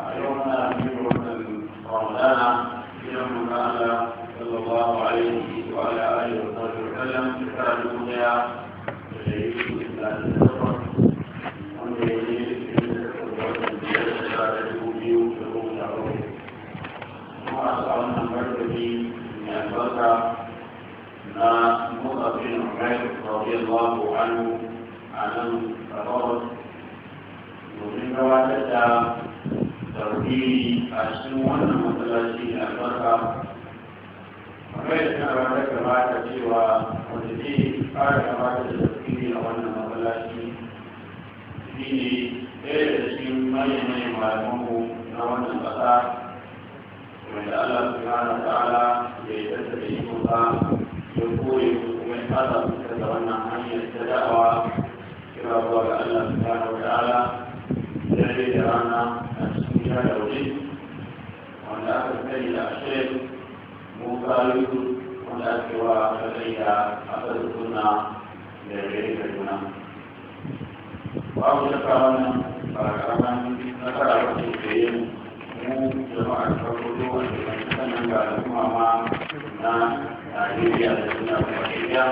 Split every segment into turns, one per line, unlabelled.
يوم يمر رمضان يوم قال صلى الله عليه وعلى آله وصحبه وسلم كتاب الدنيا na motsa bin umar radiyallahu anhu a nan a domin gabatar da tauhidi a cikin wannan matsalaci na albarka kamar da sanarwa ta kamata cewa wanda zai fara kamata da tauhidi a wannan matsalaci shi ne ɗaya da cikin manyan malamanmu na wannan ƙasa wanda Allah subhanahu wa ta'ala ya yi tattar da iko ba ya kore kuma ya fasa fitar da wannan hanyar ta da'awa kira zuwa ga Allah subhanahu wa ta'ala da rana gida da waje wanda aka sani da shek musa wanda ake wa aka sani da asar suna da gari da juna babu shakka wannan ba karaman nasara ba ce da yin mu jama'a ta farko da wanda sannan ga al'umma ma na Najeriya da suna da Najeriya.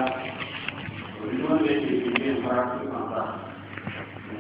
Wani wanda yake bibiyar fara su kan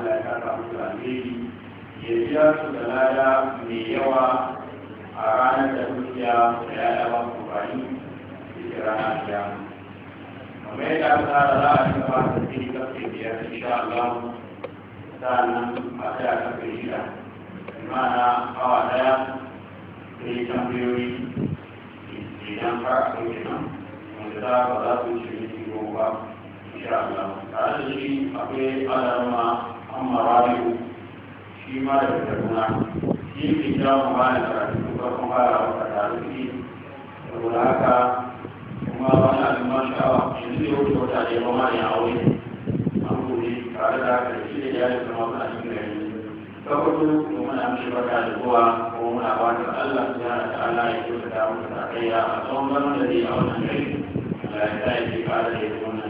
Allah ya kara musu alheri ya biya su da lada mai yawa a ranar da dukiya da ya daba su bayi suke rana biya kamar yadda aka tsara za a ci gaba da cikin karfe biyar insha Allah sa'annan a kai a shida imana awa daya sai tambayoyi idan har akwai kenan wanda za ba za su ci ne ba insha Allah tare da shi akwai alarma amma rabiu shi ma da kaduna shi ne kira mu ba da karatu farkon fara wata tarihi saboda haka kuma wani abin ma shi ne ya wuce wata da yawa ma ya aure an gobe tare da haka da shi da ya yi zama suna cikin gari ta hudu mu muna mishi da zuwa ko muna da Allah subhanahu ta allah ya da mu da kai a tsawon zaman da zai a wannan gari ya sa ya da wannan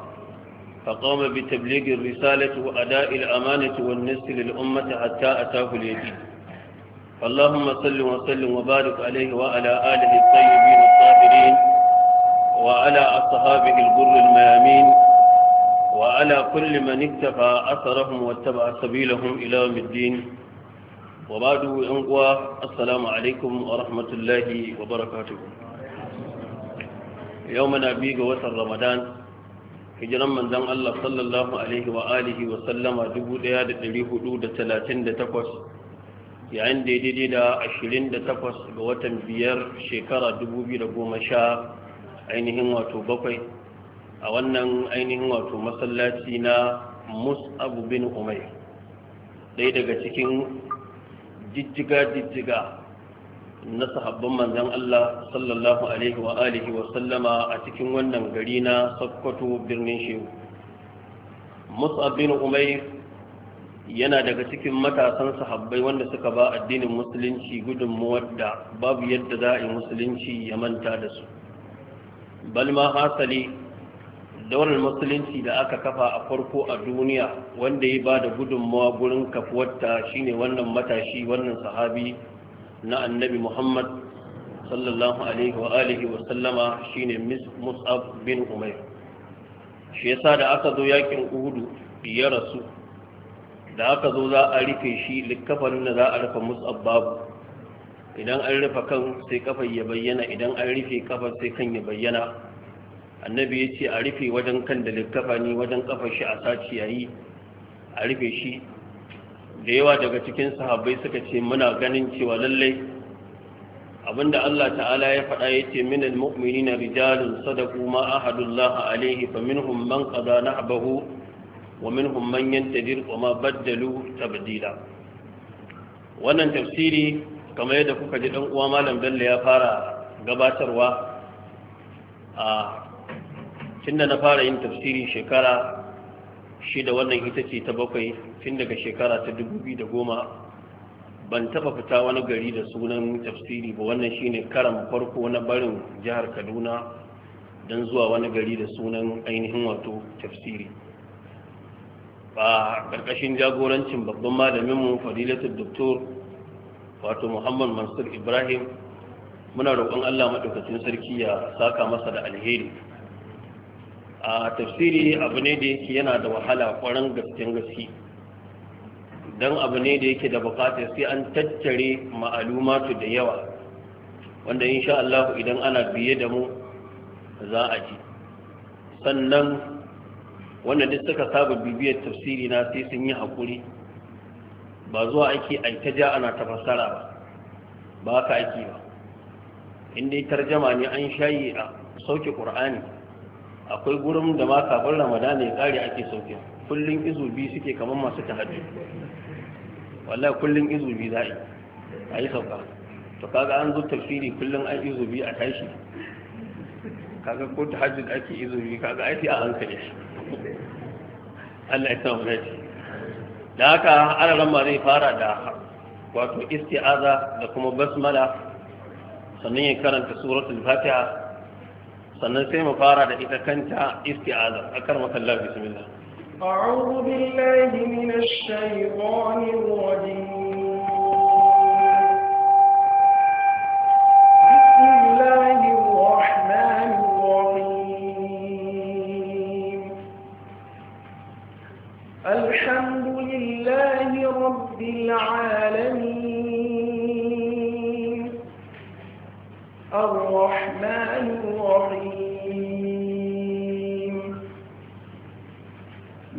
فقام بتبليغ الرسالة وأداء الأمانة والنسل للأمة حتى أتاه اليدين اللهم صل وسلم وبارك عليه وعلى آله الطيبين الطاهرين وعلى أصحابه الغر الميامين وعلى كل من اكتفى أثرهم واتبع سبيلهم إلى يوم الدين وبعد أنقوى السلام عليكم ورحمة الله وبركاته يومنا بيغ وسر رمضان hijiran manzon Allah sallallahu alaihi wa alihi wa sallama 1438 yayin da daidai da 28 ga watan biyar shekara 2010 ainihin wato bakwai a wannan ainihin wato masallaci na mus'ab bin umar ɗaya daga cikin jijjiga-jijjiga na sahabban manzan Allah sallallahu alaihi wa alihi wa sallama a cikin wannan gari na Sokoto birnin Shehu Mus'ab bin Umair yana daga cikin matasan sahabbai wanda suka ba addinin musulunci gudunmuwar da babu yadda za a yi musulunci ya manta da su balma hasali daular musulunci da aka kafa a farko a duniya wanda ya ba da gudunmawa gurin kafuwarta shine wannan matashi wannan sahabi na annabi muhammad sallallahu alaihi wa alihi wa sallama shine mus'ab bin umair shi yasa da aka zo yakin uhudu ya rasu da aka zo za a rufe shi likkafanin da za a rufe mus'ab babu idan an rufe kan sai kafa ya bayyana idan an rufe kafar sai kan ya bayyana annabi ya ce a rufe wajen kan da likkafani wajen kafar shi a saci yayi a rufe shi da yawa daga cikin sahabbai suka ce muna ganin cewa lallai abinda Allah ta'ala ya faɗa ya ce min almu'minina rijalun sadaqu ma ahadullah alaihi fa minhum man qada nahbahu wa min man yantadir wa ma baddalu tabdila wannan tafsiri kamar yadda kuka ji ɗan uwa malam Bello ya fara gabatarwa a tunda na fara yin tafsiri shekara shida wannan ita ce ta bakwai tun daga shekara ta da goma. ban taba fita wani gari da sunan tafsiri ba wannan shine karan farko na barin jihar kaduna don zuwa wani gari da sunan ainihin wato tafsiri a ƙarƙashin jagorancin babban malaminmu fadilatul doktor wato muhammad mansur ibrahim muna roƙon allah maɗaukacin sarki ya saka masa da alheri a tafsiri abu ne da yake yana da wahala kwarin gaskiyar gaske don abu ne da yake da bukatar sai an tattare ma'alumatu da yawa wanda insha Allah idan ana biye da mu za a ji sannan wanda duk suka saba bibiyar tafsiri na sai sun yi haƙuri ba zuwa ake ja ana tafasara ba ba ka ake ba inda tarjama ne an shayi a sauke ƙur'ani akwai gurin da ma kafin ramadana ya kare ake sauke kullum izu biyu suke kamar masu tahajju wallahi kullum izu biyu za a yi sauka to kaga an zo tafsiri kullum an izu biyu a tashi kaga ko da ake izu biyu kaga ai a hankali Allah ya sa mu dace da haka ana ma zai fara da wato isti'aza da kuma basmala sannan ya karanta suratul fatiha sannan sai mu fara da ita kanta isti'azar الله makallar bismillah
أعوذ بالله من الشيطان الرجيم بسم الله الرحمن الرحيم الحمد لله رب العالمين الرحمن الرحيم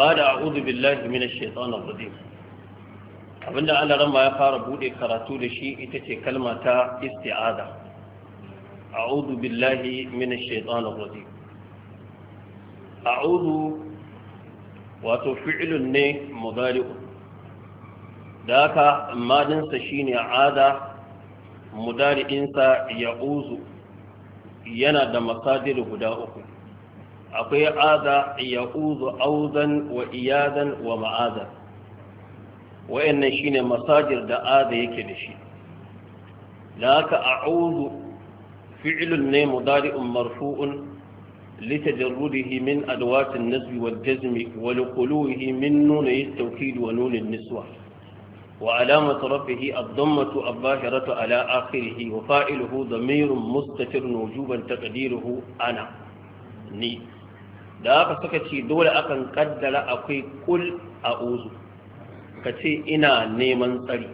ba da a'udhu billahi minash shaitanir rajim abinda Allah ramma ya fara bude karatu da shi ita ce kalma ta isti'aza a'udhu billahi minash shaitanir rajim a'udhu wato fi'ilun ne mudari'u da haka madinsa shine ada mudari'insa ya'uzu yana da masadir guda uku akwai aza ya uzu auzan wa iyadan wa ma'azan wa'annan shine masajir da aza yake da shi da haka a'udhu fi'lun ne mudari'un marfu'un لتجرده من أدوات النسب والجزم ولقلوه من نون التوكيد ونون النسوة وعلامة ربه الضمة الظاهرة على آخره وفائله ضمير مستتر وجوبا تقديره أنا ني da aka suka ce dole akan kaddara akwai kul a uzu ka ce ina neman tsari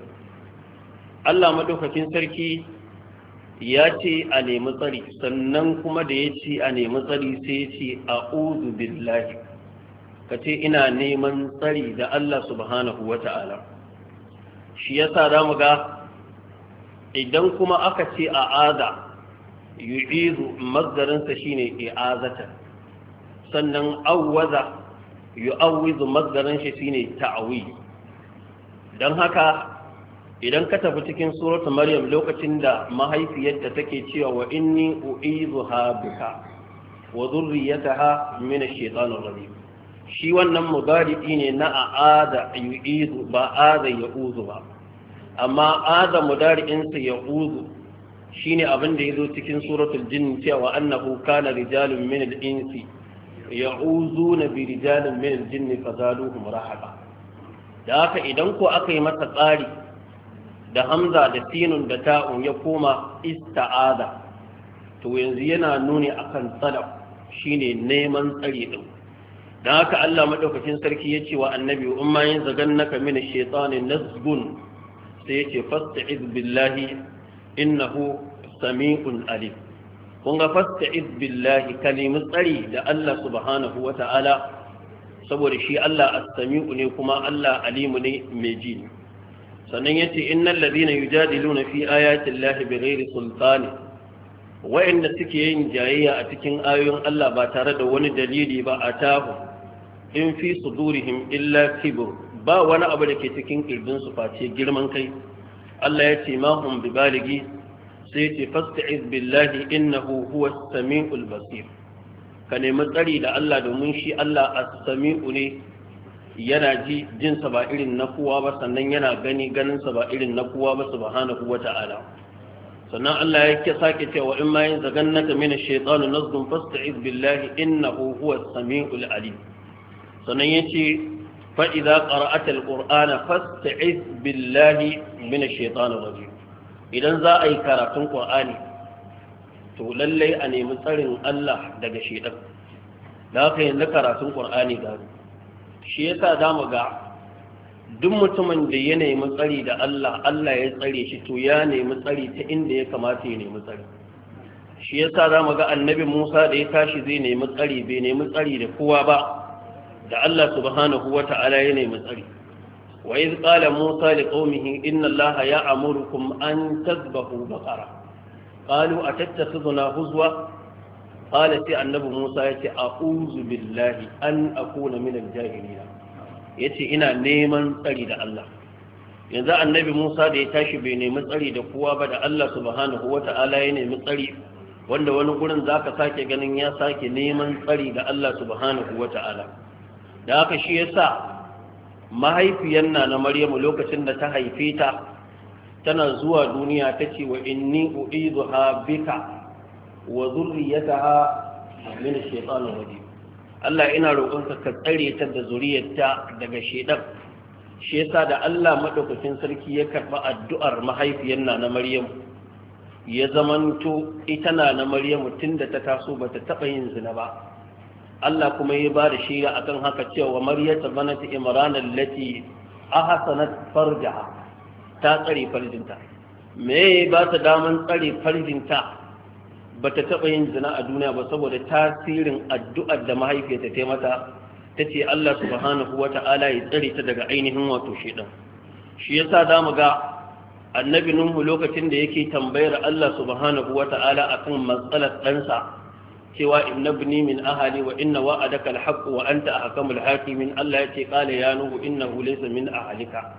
Allah madaukakin sarki ya ce a nemi tsari sannan kuma da ya ce a nemi tsari sai ya ce a uzu billahi ka ce ina neman tsari da Allah subhanahu wa ta'ala shi sa za mu ga idan kuma aka ce a aza yu'izu mazdarinsa shine i'azatan sannan awwaza yu'awwizu mazdaran shi shine ta'awi dan haka idan ka tafi cikin suratul maryam lokacin da mahaifiyarta take cewa wa inni ha bika wa dhurriyyataha min ash-shaytanir rajim shi wannan mudari'i ne na a'ada yu'izu ba ada ya'uzu ba amma ada mudari'in sa ya'uzu shine abin da yazo cikin suratul jin cewa annahu kana rijalun min al-insi ya'uzuna bi rijalin min al-jinni fazaduhum rahaba da haka idan ko aka yi masa tsari da hamza da sinun da ta'un ya koma ista'aza to yanzu yana nuni akan tsadab shine neman tsari din da haka Allah madaukakin sarki ya ce wa annabi umma yin zagannaka min shaytanin nazgun sai yace fasta'iz billahi innahu sami'un alim kun ga fasta'iz billahi ka nemi tsari da Allah subhanahu wa ta'ala saboda shi Allah as-sami'u ne kuma Allah alimu ne mai ji ne sannan yace innal ladina yujadiluna fi ayati llahi bighairi sultani wa'inda suke yin jayayya a cikin ayoyin Allah ba tare da wani dalili ba a tahu in fi sudurihim illa kibr ba wani abu da ke cikin kirjin su face girman kai Allah ya ce ma bibaligi sai ce fasta'iz billahi innahu huwa samiul basir ka nemi tsari da Allah domin shi Allah as-sami'u ne yana ji sa ba irin na kowa ba sannan yana gani ganin sa ba irin na kowa ba subhanahu wata'ala sannan Allah ya ke sake cewa in ma yin zagannaka min ash-shaytanu nazgun fasta'iz billahi innahu huwa as-sami'ul alim sannan yace fa idza qara'ata al-qur'ana fasta'iz billahi min ash-shaytanir rajim idan za a yi karatun ƙwa'ani to lallai a nemi tsarin Allah daga shaidan da haka na karatun ƙwa'ani da shi ya sa dama ga duk mutumin da ya nemi tsari da Allah Allah ya tsare shi to ya nemi tsari ta inda ya kamata ya nemi tsari shi ya sa dama ga annabi Musa da ya tashi zai nemi tsari bai nemi tsari da kowa ba da Allah subhanahu wa ta'ala ya nemi tsari وإذ قال موسى لقومه إن الله يأمركم أن تذبحوا بقرة قالوا أتتخذنا هزوة قال سي النبي موسى يتي أعوذ بالله أن أكون من الجاهلين يتي إنا نيمان تريد الله yanzu annabi Musa da ya tashi bai nemi tsari da kowa ba da Allah subhanahu wata'ala ya nemi tsari wanda wani gurin zaka sake ganin ya sake neman tsari da Allah subhanahu wata'ala da haka shi yasa mahaifiyar na na maryamu lokacin da ta haife ta tana zuwa duniya ta ce wa inni ha bika wa zurriyataha min shaytanir rajim Allah ina roƙonka ka tsare ta da zuriyarta daga shedan shi yasa da Allah madaukakin sarki ya karba addu'ar mahaifiyar na na maryamu ya zamanto ita na na maryamu tunda ta taso bata taba yin zina ba Allah kuma ya ba da shaida akan haka cewa maryata banat imran allati ahsanat farjaha ta tsare farjinta me ba ta daman tsare farjinta ba ta taɓa yin zina a duniya ba saboda tasirin addu'ar da mahaifiyarta ta mata ta ce Allah subhanahu wa ta'ala ya tsare ta daga ainihin wato shaidan shi yasa za mu ga annabi nuhu lokacin da yake tambayar Allah subhanahu wa ta'ala akan matsalar ɗansa cewa in na ibni min ahali wa inna wa'adaka al-haqq wa anta ahkamul min? Allah yace qala ya nuhu innahu laysa min ahlika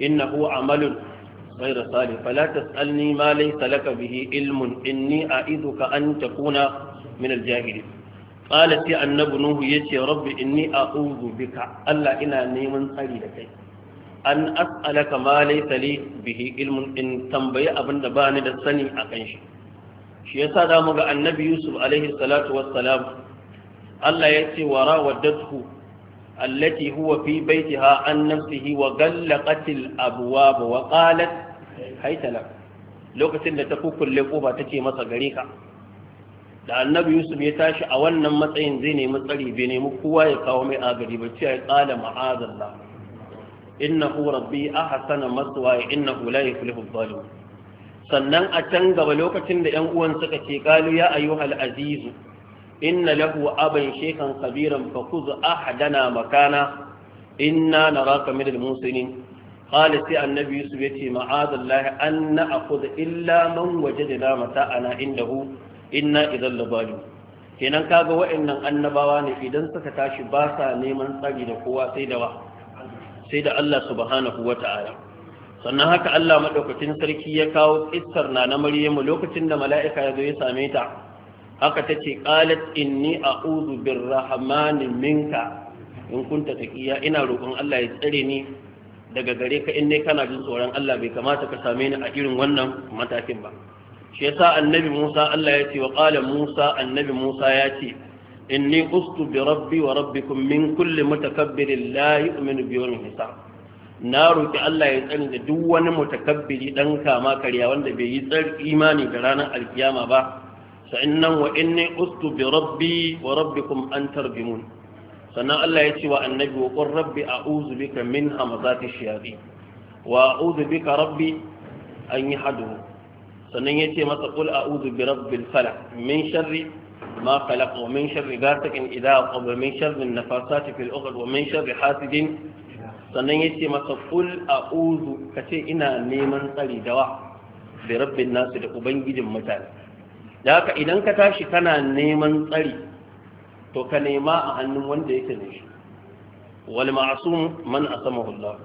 innahu amalun ghayra salih fala tasalni ma laysa laka bihi ilmun in ni inni a'iduka an takuna min al-jahilin qala ti annabi nuhu yace rabbi a a'udhu bika Allah ina neman tsari da kai an as'alaka ma laysa li bihi ilmun in tambayi abinda bani da sani akan shi shi yasa sa damu ga annabi yusuf alaihi salatu wassalam Allah ya ce wa rawadathu allati huwa fi baitiha an nafsihi wa ghallaqat al abwab wa qalat haytala lokacin da ta kukulle kofa tace masa gare ka da annabi yusuf ya tashi a wannan matsayin zai nemi tsari bai nemi kowa ya kawo mai agari ba ce ya qala ma'azallah innahu rabbi ahsana maswaya innahu la yuflihu adh-dhalimun sannan a can gaba lokacin da ‘yan uwan suka ce ƙalu ya ayu azizu inna lahu aban shekan kabiran fa kuzu ahadana makana inna na raka minal musulmi, qala sai annabi yusuf yace ma'azallahi an na'khudha illa man waje wajadna mata'ana indahu inna idan labalu kenan kaga wa'annan annabawa ne idan suka tashi ba sa neman tsari da kowa sai da sai da Allah subhanahu wata'ala sannan haka Allah madaukakin sarki ya kawo tsitsar na na Maryamu lokacin da mala'ika ya zo ya same ta haka tace qalat inni a'udhu birrahmani minka in kunta taqiya ina roƙon Allah ya tsare ni daga gare ka in ne kana jin tsoron Allah bai kamata ka same ni a irin wannan matakin ba shi yasa annabi Musa Allah ya ce wa qala Musa annabi Musa ya ce inni ustu bi rabbi wa rabbikum min kulli mutakabbirin la yu'minu bi yawmil hisab na roƙi Allah ya tsani da duk wani mutakabbiri dan kama karya wanda bai yi tsar imani da ranar alkiyama ba sa'annan wa inni ustu bi rabbi wa rabbikum an tarjumun sannan Allah ya ce wa annabi wa qur rabbi a'udhu bika min hamazati shayatin wa a'udhu bika rabbi an yahduru sannan ya ce masa qul a'udhu bi rabbil falaq min sharri ما خلق ومن شر غاسق إذا قب ومن شر النفاسات في الأخر min شر hasidin. sannan ya ce masa kul a uzu ka ce ina neman tsari dawa da rabbin nasu da ubangijin mutane da haka idan ka tashi kana neman tsari to ka nema a hannun wanda yake ne shi wal ma'sum man asamahu Allah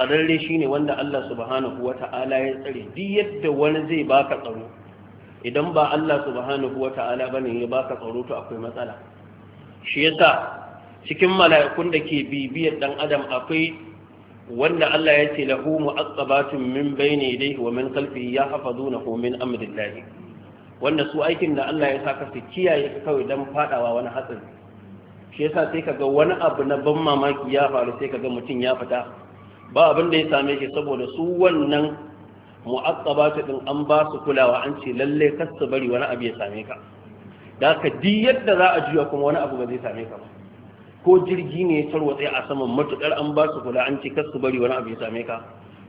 tsararre shine wanda Allah subhanahu wata'ala ya tsare duk yadda wani zai baka tsaro idan ba Allah subhanahu wata'ala bane ya baka tsaro to akwai matsala shi yasa cikin mala'ikun da ke bibiyar dan adam akwai wanda Allah ya ce lahu mu'aqqabatun min bayni yadayhi wa min khalfihi yahfazunahu min amrillah wanda su aikin da Allah ya saka su kiyaye ka kawai dan fadawa wani hatsari shi yasa sai kaga wani abu na ban mamaki ya faru sai kaga mutum ya fita ba abin da ya same shi saboda su wannan mu'aqqabatu din an ba su kulawa an ce lalle kar bari wani abu ya same ka da ka di yadda za a juya kuma wani abu ba zai same ka ba ko jirgi ne ya tarwatsa a saman matukar an ba su kula an ce kar su bari wani abu ya same ka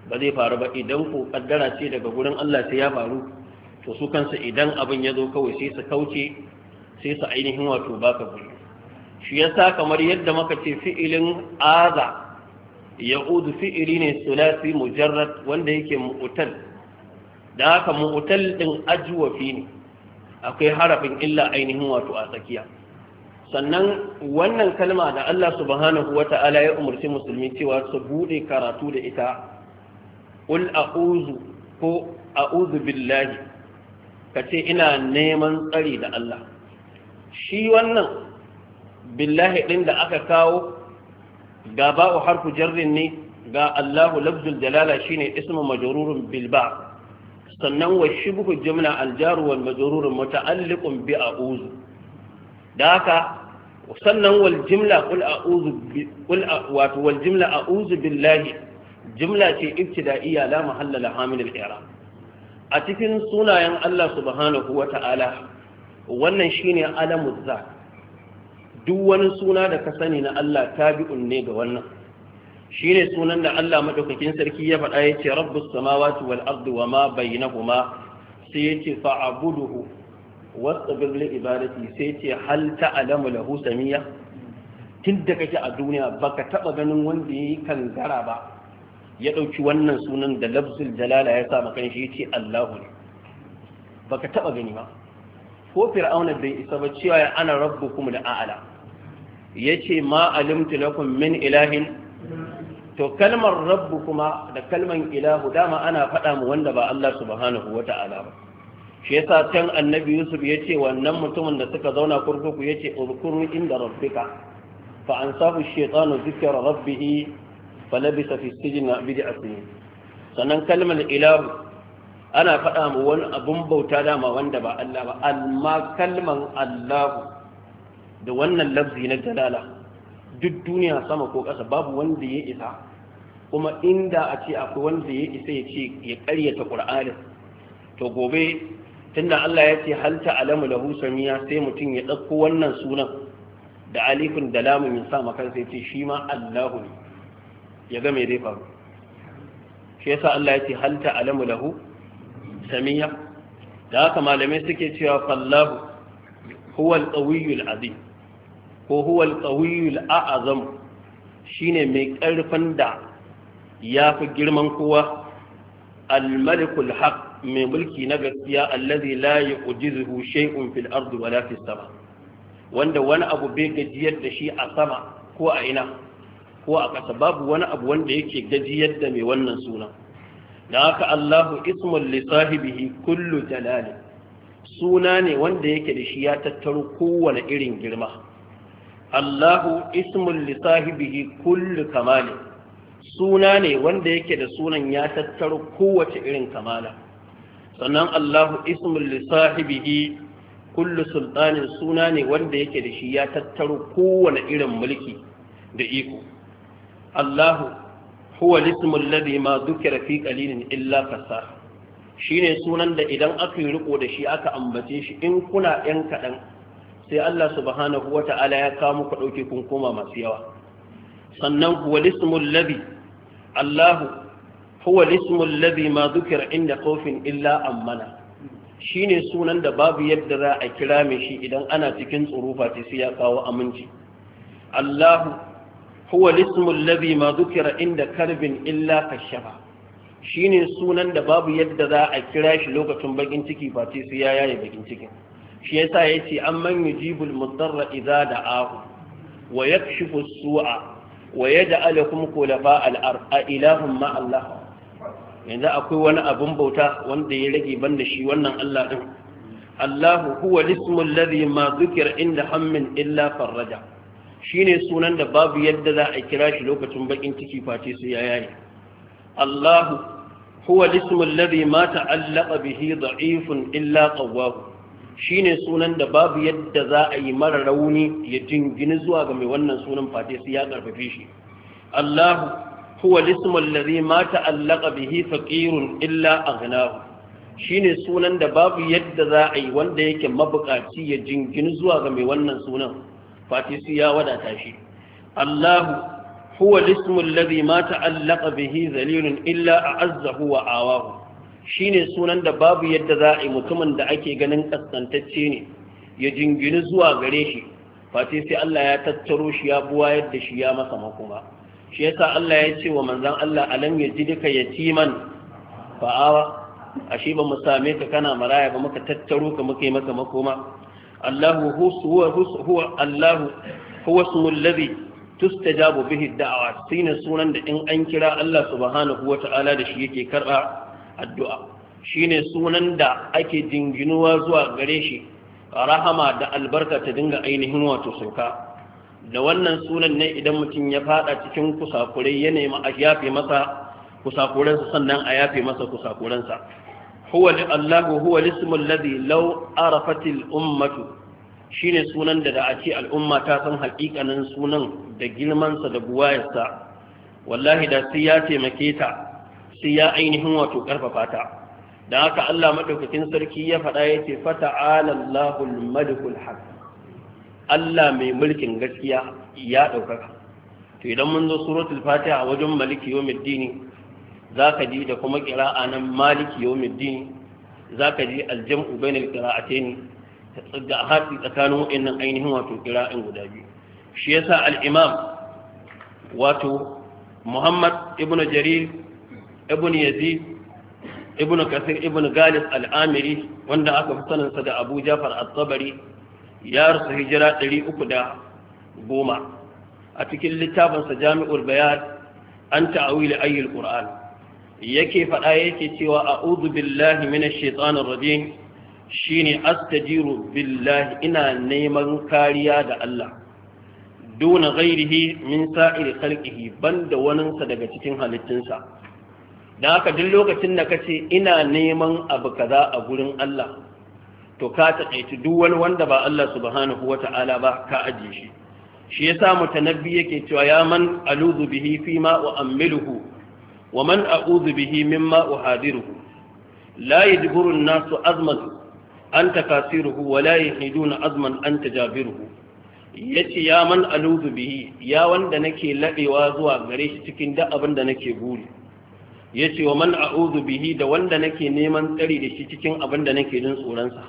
ba zai faru ba idan ko kaddara ce daga gurin Allah sai ya faru to su kansa idan abin ya zo kawai sai su kauce sai su ainihin wato ba ka guri shi yasa kamar yadda maka ce fi'ilin aza ya'udu fi'ili ne sulasi mujarrad wanda yake mu'tal da haka mu'tal din ajwafi ne akwai harafin illa ainihin wato a tsakiya sannan wannan kalma da Allah subhanahu wa ta'ala ya umarci musulmi cewa su bude karatu da ita ul a'uzu ko a'uzu billahi kace ina neman tsari da Allah shi wannan billahi din da aka kawo ga ba'u harfu jarrin ne ga Allahu lafzul jalala shine ismu majrurun bil ba sannan wa shibhu jumla al jar wal majrur muta'alliqun bi a'uzu da haka sannan wal jimla qul a'udhu wato wal jimla a'udhu billahi jimla ce ibtida'iyya la mahalla laha min al a cikin sunayen Allah subhanahu wa ta'ala wannan shine alamuz zat duk wani suna da ka sani na Allah tabi'un ne ga wannan shine sunan da Allah madaukakin sarki ya faɗa yace rabbus samawati wal ardi wama bainahuma sai yace fa'abuduhu wasabir li ibadati sai ce hal ta'lamu lahu samiya tun da kake a duniya baka taba ganin wanda yayi gara ba ya dauki wannan sunan da lafzul jalala ya sa makan shi yace Allahu ne baka taba gani ba ko fir'auna bai isa ba cewa ya ana rabbukum da a'la yace ma alimtu lakum min ilahin to kalmar rabbu kuma da kalmar ilahu dama ana faɗa mu wanda ba Allah subhanahu wata'ala ba shi yasa can annabi yusuf ya ce wannan mutumin da suka zauna kurkuku ya ce urkuru inda rabbika fa an safu shaitanu zikira rabbihi fa labisa fi sijin na bidi asini sannan kalmar ilahu ana faɗa mu wani abun bauta dama wanda ba Allah ba amma kalmar Allahu da wannan lafzi na dalala duk duniya sama ko ƙasa babu wanda ya isa kuma inda a ce akwai wanda ya isa ya ce ya ƙaryata ƙur'anin to gobe tunda Allah ya ce hal ta'lamu lahu samiya sai mutum ya ɗauko wannan sunan da alifin da lamun ya sa makan sai ce shi ma Allahu ne ya ga me zai faru shi yasa Allah ya ce hal ta'lamu lahu samiya da haka malamai suke cewa fallahu huwa al-qawiyyu azim ko huwa al-qawiyyu al-a'zam shine mai ƙarfin da yafi girman kowa al-malikul haq mai mulki na gaskiya allazi la yu'jizuhu shay'un fil ardi wala fis sama wanda wani abu bai gajiyar da shi a sama ko a ina ko a ƙasa babu wani abu wanda yake gajiyar da mai wannan suna da haka Allahu ismul li sahibihi kullu jalali suna ne wanda yake da shi ya tattaro kowane irin girma Allahu ismul li sahibihi kullu kamali suna ne wanda yake da sunan ya tattaro kowace irin kamala sannan Allahu ismul li sahibihi kullu sultanin suna ne wanda yake da shi ya tattaro kowane irin mulki da iko Allahu huwa ismul ladhi ma dhukira fi qalilin illa kasa shine sunan da idan aka yi riko da shi aka ambace shi in kuna yan kadan sai Allah subhanahu wata'ala ya kawo muku dauke kun koma masu yawa sannan huwa ismul ladhi Allahu huwa lismul ladhi ma dhukira inda khawfin illa ammana shine sunan da babu yadda za a kira mai shi idan ana cikin tsoro face sai ya kawo aminci Allahu huwa lismul ladhi ma dhukira inda karbin illa kashafa shine sunan da babu yadda za a kira shi lokacin bakin ciki face sai ya yaye bakin cikin shi yasa yace amman yujibul mudarra idza da'ahu wa yakshifu as-su'a wa yaj'alukum khulafa al-ard a ilahum ma Allah yanzu akwai wani abin bauta wanda ya rage banda shi wannan Allah din Allahu huwa ismul ladhi ma zukira inda hammin illa farraja ne sunan da babu yadda za a kira shi lokacin bakin ciki face su ya yayi Allahu huwa ismul ladhi ma ta'allaqa bihi da'ifun illa qawwahu shine sunan da babu yadda za a yi mara rauni ya jingini zuwa ga mai wannan sunan face su ya karfafe shi Allahu huwa lismul ladhi ma ta'allaqa bihi faqirun illa aghnahu shine sunan da babu yadda za a yi wanda yake mabukaci ya jingin zuwa ga mai wannan sunan fatisi ya wadata shi Allahu huwa lismul ladhi ma ta'allaqa bihi zalilun illa a'azzahu wa awahu shine sunan da babu yadda za a yi mutumin da ake ganin kaskantacce ne ya jingini zuwa gare shi fati sai Allah ya tattaro shi ya buwa yadda shi ya masa makoma shi yasa Allah ya ce wa manzon Allah alam yajidka yatiman fa'awa ashe ba mu same ka kana maraya ba muka tattaro ka muka yi maka makoma Allahu huwa huwa Allahu huwa ismul ladhi tustajabu bihi da'awa shine sunan da in an kira Allah subhanahu wata'ala da shi yake karba addu'a shine sunan da ake jinginuwa zuwa gare shi rahama da albarka ta dinga ainihin wato sauka da wannan sunan ne idan mutum ya fada cikin kusakurai ya nemi a yafe masa kusakuransa sannan a yafe masa kusakuransa huwa li Allah huwa lismu alladhi law arafat al ummatu shine sunan da da a ce al'umma ta san hakikanin sunan da sa da buwayarsa wallahi da sai ya taimake ta sai ya ainihin wato karfafa ta Da haka Allah madaukakin sarki ya faɗa yace fata'ala Allahul madhul haq Allah mai mulkin gaskiya ya ɗaukaka to idan mun zo suratul fatiha a wajen maliki yawmiddin za ka ji da kuma ƙira'a nan maliki yawmiddin za ka ji aljam'u bai na bainal qira'atayn ga haɗi tsakanin waɗannan ainihin wato ƙira'in guda biyu shi ya sa imam wato Muhammad ibn Jarir ibn Yazid ibn Kathir ibn Galis al-Amiri wanda aka fi saninsa da Abu Jafar at-Tabari ya rasu hijira ɗari uku da goma a cikin littafinsa jami'ul bayan an ta'awili ayyul ƙura'an yake faɗa yake cewa uzu billahi minash rajin shi shine astajiru billahi ina neman kariya da Allah duna ghairihi min sa'ir ban da waninsa daga cikin halittunsa dan haka duk lokacin da kace ina neman abu kaza a gurin Allah to ka taƙaitu duk wani wanda ba Allah subhanahu wata'ala ba ka ajiye shi shi yasa mutanabbi yake cewa ya man aluzu bihi fi ma u'ammiluhu wa man a'udhu bihi mimma uhadiruhu la yajburu an-nasu azman an takasiruhu wa la yahiduna azman an tajabiruhu yace ya man aluzu bihi ya wanda nake labewa zuwa gare shi cikin duk abin da nake buri yace wa man a'udhu bihi da wanda nake neman tsari da shi cikin abin da nake jin tsoron sa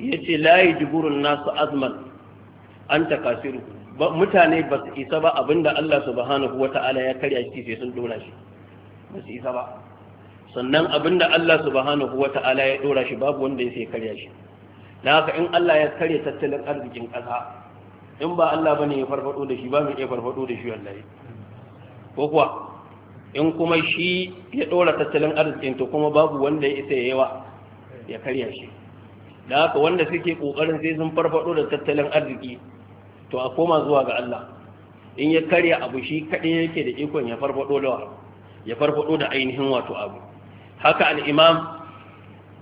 yace la yajburun nasu azman an takasiru mutane ba su isa ba abinda Allah subhanahu wata'ala ya karya shi sai sun dora shi ba su isa ba sannan abinda Allah subhanahu wata'ala ya dora shi babu wanda ya sai karya shi na haka in Allah ya karya tattalin arzikin ƙasa in ba Allah bane ya farfado da shi ba mu iya farfado da shi wallahi ko kuwa in kuma shi ya dora tattalin arzikin to kuma babu wanda ya isa yawa ya karya shi da haka wanda suke kokarin sai sun farfado da tattalin arziki to a koma zuwa ga Allah in ya karya abu shi kaɗai yake da ikon ya farfado da ya farfado da ainihin wato abu haka al-imam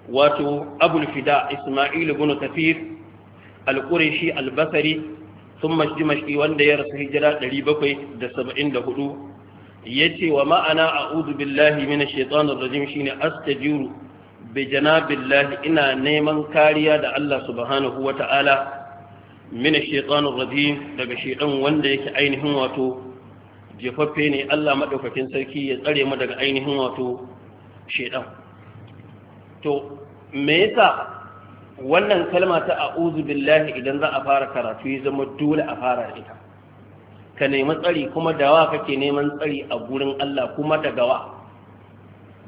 wato abul fida isma'il ibn kafir al-qurashi al-basri mashi dimashqi wanda ya rasu hijira 774 yace wa ma'ana a'udhu billahi minash shaitanir rajim shine astajiru bi janabillahi ina neman kariya da Allah subhanahu wata'ala min shaitanir rajim daga shaitan wanda yake ainihin wato jefaffe ne Allah madaukakin sarki ya tsare mu daga ainihin wato shaitan to me yasa wannan kalma ta a'udhu billahi idan za a fara karatu ya zama dole a fara ita ka nemi tsari kuma dawa kake neman tsari a gurin Allah kuma daga wa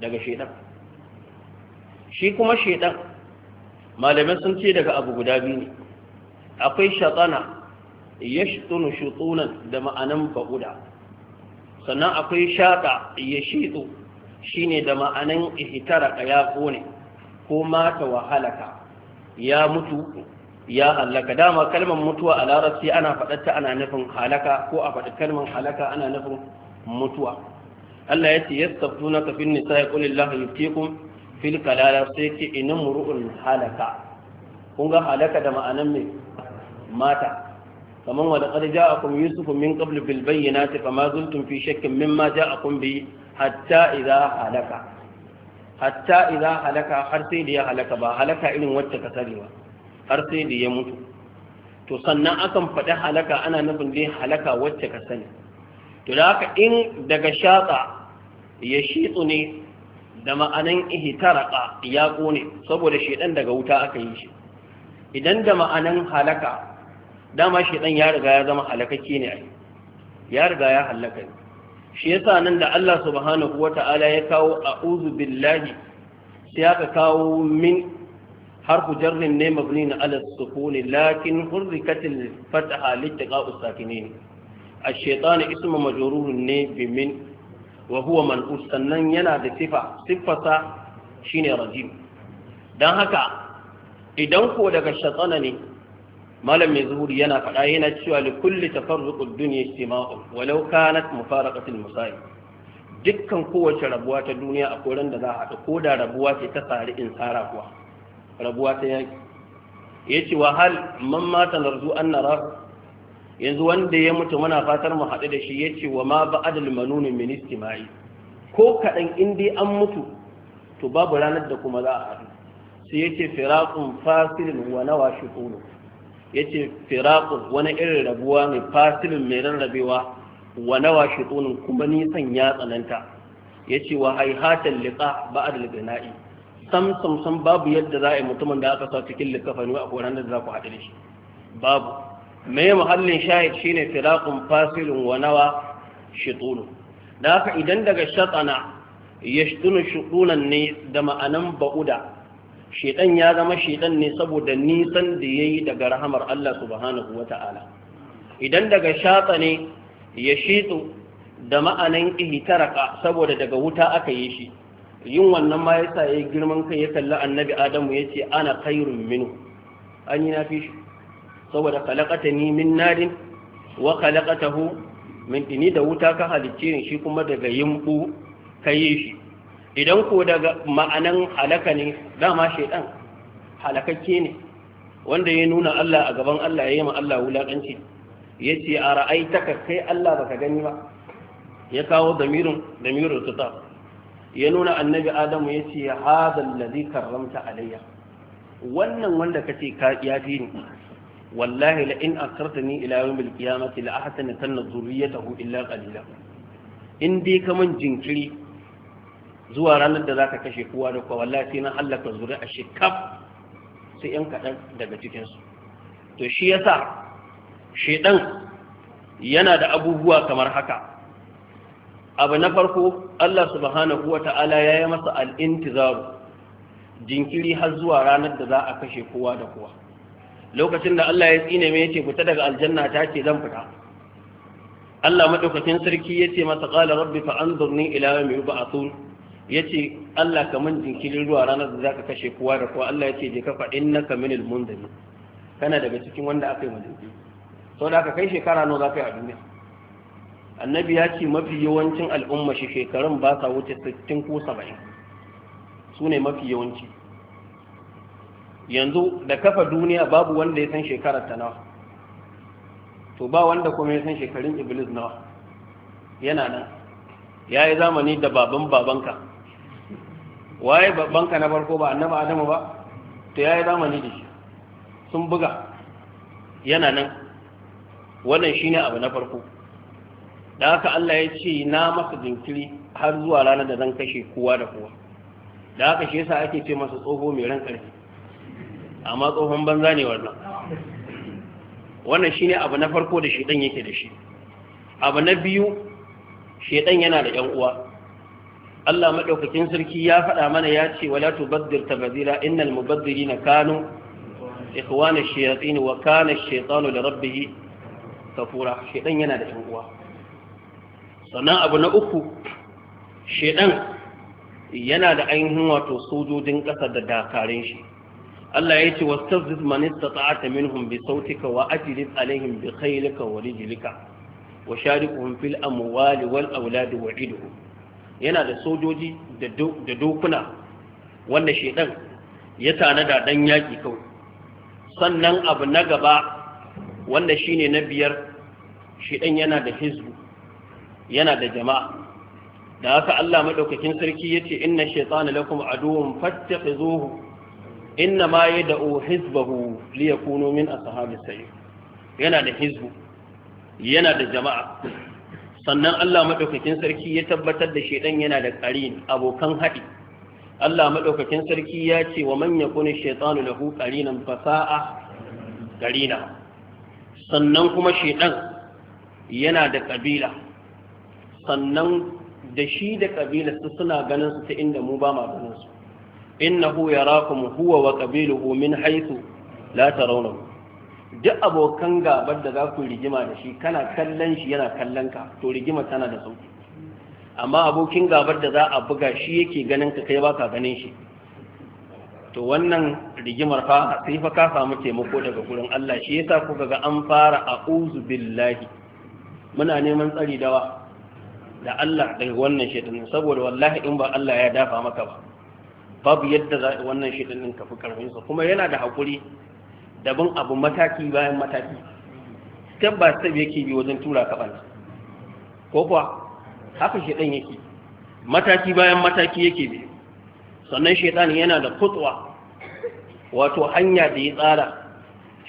daga shaitan shi kuma shaidan malamai sun ce daga abu guda biyu ne akwai shatsana ya shitunu shutunan da ma'anan ba'uda sannan akwai shaɗa ya shitu shi ne da ma'anan ihitara ya ƙone ko mata wahalaka ya mutu ya halaka dama kalmar mutuwa a larabci ana faɗarta ana nufin halaka ko a faɗi kalmar halaka ana nufin mutuwa Allah ya ce yastaftunaka nisa ya qul Allahu tekun. fil kalala sai ce inin muru'un halaka kun ga halaka da ma'anan mai mata kamar wa laqad ja'akum Yusufu min qabl bil bayyinati fama zultum fi shakkin mimma ja'akum bi hatta idza halaka hatta idza halaka har sai da ya halaka ba halaka irin wacce ka sani ba har sai da ya mutu to sannan akan faɗi halaka ana nufin dai halaka wacce ka sani to da haka in daga shatsa ya shi ne da ma'anan ihtaraka ya kone saboda shedan daga wuta aka yi shi idan da ma'anan halaka dama shedan ya riga ya zama halakake ne ya riga ya halaka ne shi yasa nan da Allah subhanahu wata'ala ya kawo a'udhu billahi sai aka kawo min harfu jarrin ne mabni ala sukun lakin hurrikat al fataha littaqa as-sakinin ash-shaytan ismu majrurun ne bi min wa huwa man'us sannan yana da sifa siffarsa shine rajim dan haka idan ko daga shatsana ne malam mai zuhuri yana faɗa yana cewa li kulli tafarruqud dunya istima'u walau kanat mufaraqatul musa'i dukkan kowace rabuwa ta duniya a koran da za a haɗu ko da rabuwa ce ta tsari in tsara kuwa rabuwa ta yaki ya ce wa hal man mata narzu an nara yanzu wanda ya mutu muna fatar mu haɗu da shi ya ce wa ma ba adal manunin ministi mai ko kaɗan in dai an mutu to babu ranar da kuma za a haɗu sai ya ce firakun fasilin wa nawa shi ya ce firakun wani irin rabuwa ne fasilin mai rarrabewa wa nawa shi kuma nisan ya tsananta ya ce wa haihatan liƙa ba adal gana'i sam sam sam babu yadda za a yi mutumin da aka sa cikin liƙafa ne a ranar da za ku haɗu da shi babu me muhallin shahid shine firaqun fasilun wa nawa shitulu da haka idan daga shatana yashtunu shudulan ne da ma'anan ba'uda shedan ya zama shedan ne saboda nisan da yayi daga rahamar Allah subhanahu wata'ala idan daga shata ne ya shitu da ma'anan ihtaraka saboda daga wuta aka yi shi yin wannan ma yasa yayi girman kai ya kalli annabi Adamu yace ana khairun minhu an yi na fi shi saboda khalaqatani min narin wa khalaqatahu min dini da wuta ka halicce ni shi kuma daga yimbu ka yi shi idan ko daga ma'anan halaka ne dama shaidan halakakke ne wanda ya nuna Allah a gaban Allah ya yi ma Allah wulaƙanci, ya ce a ka kai Allah baka gani ba ya kawo damirin damirin tuta ya nuna annabi Adamu ya ce hadha allazi karramta alayya wannan wanda kace ka yafi ni wallahi la in akartani ila yawmil qiyamati la ahsana tan zurriyatahu illa qalila in dai ka man jinkiri zuwa ranar da zaka kashe kowa da kowa wallahi sai na halaka zuri'a shi sai yan kadan daga cikin su to shi yasa shedan yana da abubuwa kamar haka abu na farko Allah subhanahu wata'ala ya yi masa al'intizaru jinkiri har zuwa ranar da za a kashe kowa da kowa lokacin da Allah ya tsine mai ce fita daga aljanna ta ce zan fita Allah madaukakin sarki yace masa qala rabbi fa anzurni ila yawmi yub'athun yace Allah ka mun jinkirin ruwa ranar da zaka kashe kowa da kowa Allah yace je ka fa innaka minal munzari kana daga cikin wanda aka yi mazinki sau da ka kai shekara nawa za yi a duniya annabi ya ce mafi yawancin al'umma shi shekarun ba sa wuce 60 ko 70 su ne mafi yawanci yanzu da kafa duniya babu wanda ya san shekarar ta nawa to ba wanda kuma ya san shekarun iblis nawa yana nan ya yi zamani da baban babanka waye babanka na farko ba annaba adamu ba to ya yi zamani da shi sun buga yana nan wannan ne abu na farko da haka Allah ya ce na masa jinkiri har zuwa ranar da zan kashe kowa da kowa da haka shi yasa ake ce masa tsoho mai ran ƙarfi amma tsohon banza ne wannan wannan shine abu na farko da shedan yake da shi abu na biyu shedan yana da yan uwa Allah madaukakin sarki ya faɗa mana ya ce wala tubaddir tabdila innal mubaddirina kanu ikhwana ash-shayatin wa kana ash-shaytanu li rabbih kafura shedan yana da yan uwa sannan abu na uku shedan yana da ainihin wato sojojin ƙasa da dakarin shi Allah ya ce wasu wastazid man istata'ta min bi sautika wa ajlib alaihim bi khaylika wa rijlika wa shariquhum fil amwali wal awladi wa idhum yana da sojoji da dokuna wanda shedan ya tanada dan yaƙi kawai sannan abu na gaba wanda shine na biyar shedan yana da hizbu yana da jama'a da haka Allah madaukakin sarki ya yace inna shaytana lakum aduwwun fattakhidhuhu inna ma ya da'u hizbahu li yakunu min ashabi sayyid yana da hizbu yana da jama'a sannan Allah madaukakin sarki ya tabbatar da shedan yana da qarin abokan hadi Allah madaukakin sarki ya ce wa man yakunu shaytanu lahu qarinan fasa'a qarina sannan kuma shedan yana da kabila sannan da shi da kabila su suna ganin su ta inda mu ba ma ganin su innahu yarakum huwa wa qabiluhu min haythu la tarawnahu duk abokan gabar da za ku rigima da shi kana kallon shi yana kallon ka to rigima tana da sauki amma abokin gabar da za a buga shi yake ganin ka kai baka ganin shi to wannan rigimar fa sai fa ka samu taimako daga gurin Allah shi yasa kuka ga an fara a'uzubillahi? billahi muna neman tsari dawa da Allah daga wannan shaitan saboda wallahi in ba Allah ya dafa maka ba babu yadda za a wannan shi ɗin ka fi ƙarfinsa kuma yana da haƙuri daban abu mataki bayan mataki step by step yake bi wajen tura ka ko kuwa haka shi ɗin yake mataki bayan mataki yake bi sannan shaitan yana da kutsuwa wato hanya da ya tsara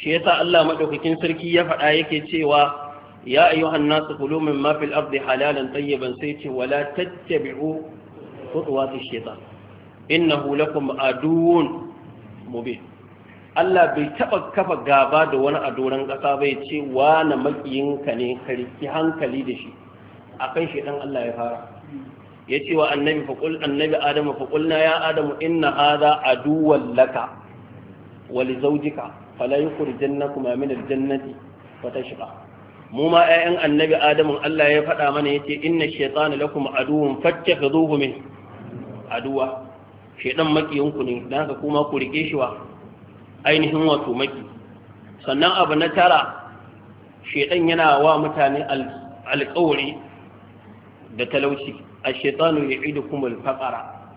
shi ya sa Allah maɗaukakin sarki ya faɗa yake cewa ya ayyuhan nasu kulu min ma fil ardi halalan tayyiban sai ce wala tattabi'u ya shaitan innahu lakum aduwwun mubin Allah bai taɓa kafa gaba da wani a ƙasa bai ce wa na maƙiyinka ne karki hankali da shi a kan shi ɗan Allah ya fara ya ce wa annabi faƙul annabi adamu faƙulna ya adamu inna hada aduwwan laka wa li zawjika fala yukhrijannakum min al-jannati wa tashqa mu ma 'ya'yan annabi adamu Allah ya faɗa mana yace inna shaytana lakum aduwwun fattakhidhuhu min aduwa shedan makiyinku ne dan haka kuma ku rike shi wa ainihin wato maki sannan abu na tara shedan yana wa mutane alƙawari da talauci ash-shaytanu ya'idukum al-faqra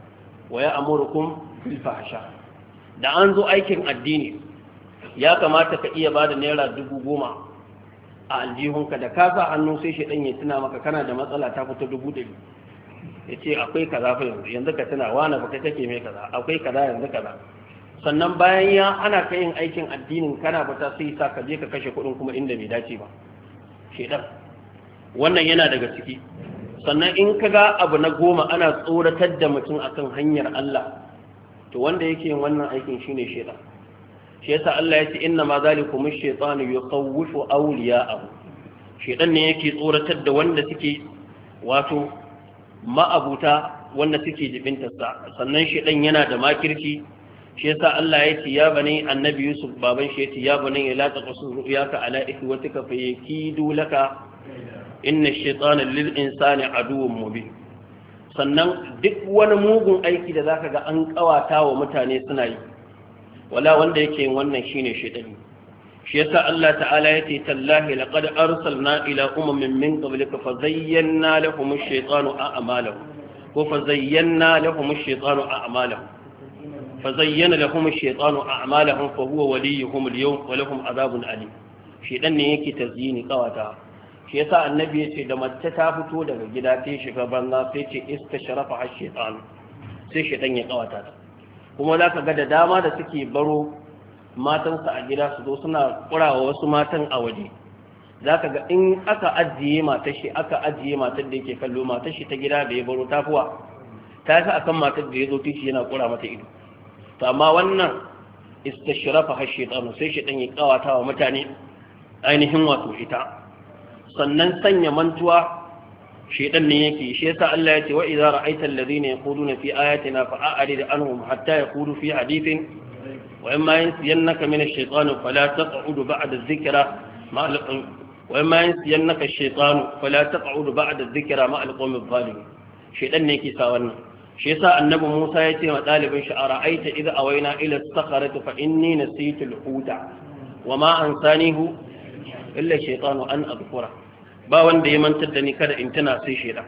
wa ya'murukum bil fahsha da an zo aikin addini ya kamata ka iya bada naira dubu goma a aljihunka da ka sa hannu sai shedan ya tuna maka kana da matsala ta fita dubu ɗari ya ce akwai kaza fa yanzu yanzu ka tana wani baka kai kake mai kaza akwai kaza yanzu kaza sannan bayan ya ana ka yin aikin addinin kana bata sai sa ka je ka kashe kuɗin kuma inda bai dace ba shedan wannan yana daga ciki sannan in ka ga abu na goma ana tsoratar da mutum akan hanyar Allah to wanda yake yin wannan aikin shine shedan shi yasa Allah ya ce inna ma zalikum ash-shaytanu yukhawwifu awliya'ahu shedan ne yake tsoratar da wanda suke wato ma'abuta wanda suke jibintarsa sannan shi ɗan yana da makirci shi yasa Allah ya ce ya bani annabi Yusuf baban shi ya ce ya bani la ru'ya ka ala ikhwatika fa yakidu dulaka inna shaytana lil insani aduwwun mubin sannan duk wani mugun aiki da zaka ga an kawata wa mutane suna yi wala wanda yake yin wannan shine shaytani shi yasa Allah ta'ala ya ce tallahi laqad arsalna ila umamin min qablika fa zayyana lahum ash-shaytanu a'malahum ko fa zayyana lahum ash-shaytanu a'malahum fa zayyana lahum ash-shaytanu a'malahum fa huwa waliyuhum al-yawm wa lahum adhabun alim shedan ne yake tazyini kawata shi yasa annabi ya ce da mace ta fito daga gida ta shiga banza sai ce istashrafa ash-shaytan sai shi shedan ya kawata ta kuma zaka ga da dama da suke baro matansa a gida su zo suna kurawa wasu matan a waje za ka ga in aka ajiye matar shi aka ajiye matar da yake kallo matar shi ta gida da ya baro ta ta yasa akan matar da ya zo tishi yana kura mata ido to amma wannan istashrafa har shaytanu sai shaytan ya kawata wa mutane ainihin wato ita sannan sanya mantuwa shaytan ne yake shi yasa Allah ya ce wa idza ra'aita alladhina yaquluna fi ayatina fa'arid anhum hatta yaqulu fi hadithin وإما ينسينك من الشيطان فلا تقعد بعد الذكرى مع القوم وإما ينسينك الشيطان فلا تقعد بعد الذكرى مع القوم الظالمين شيطان ne ke sa wannan shi yasa annabi Musa ya ce wa dalibin shi ara'aita idza awayna ila as-sakhrati fa inni nasitu al-huta wama ansanihu illa shaytanu an adhkura ba wanda ya mantar da ni kada in tana sai shaytan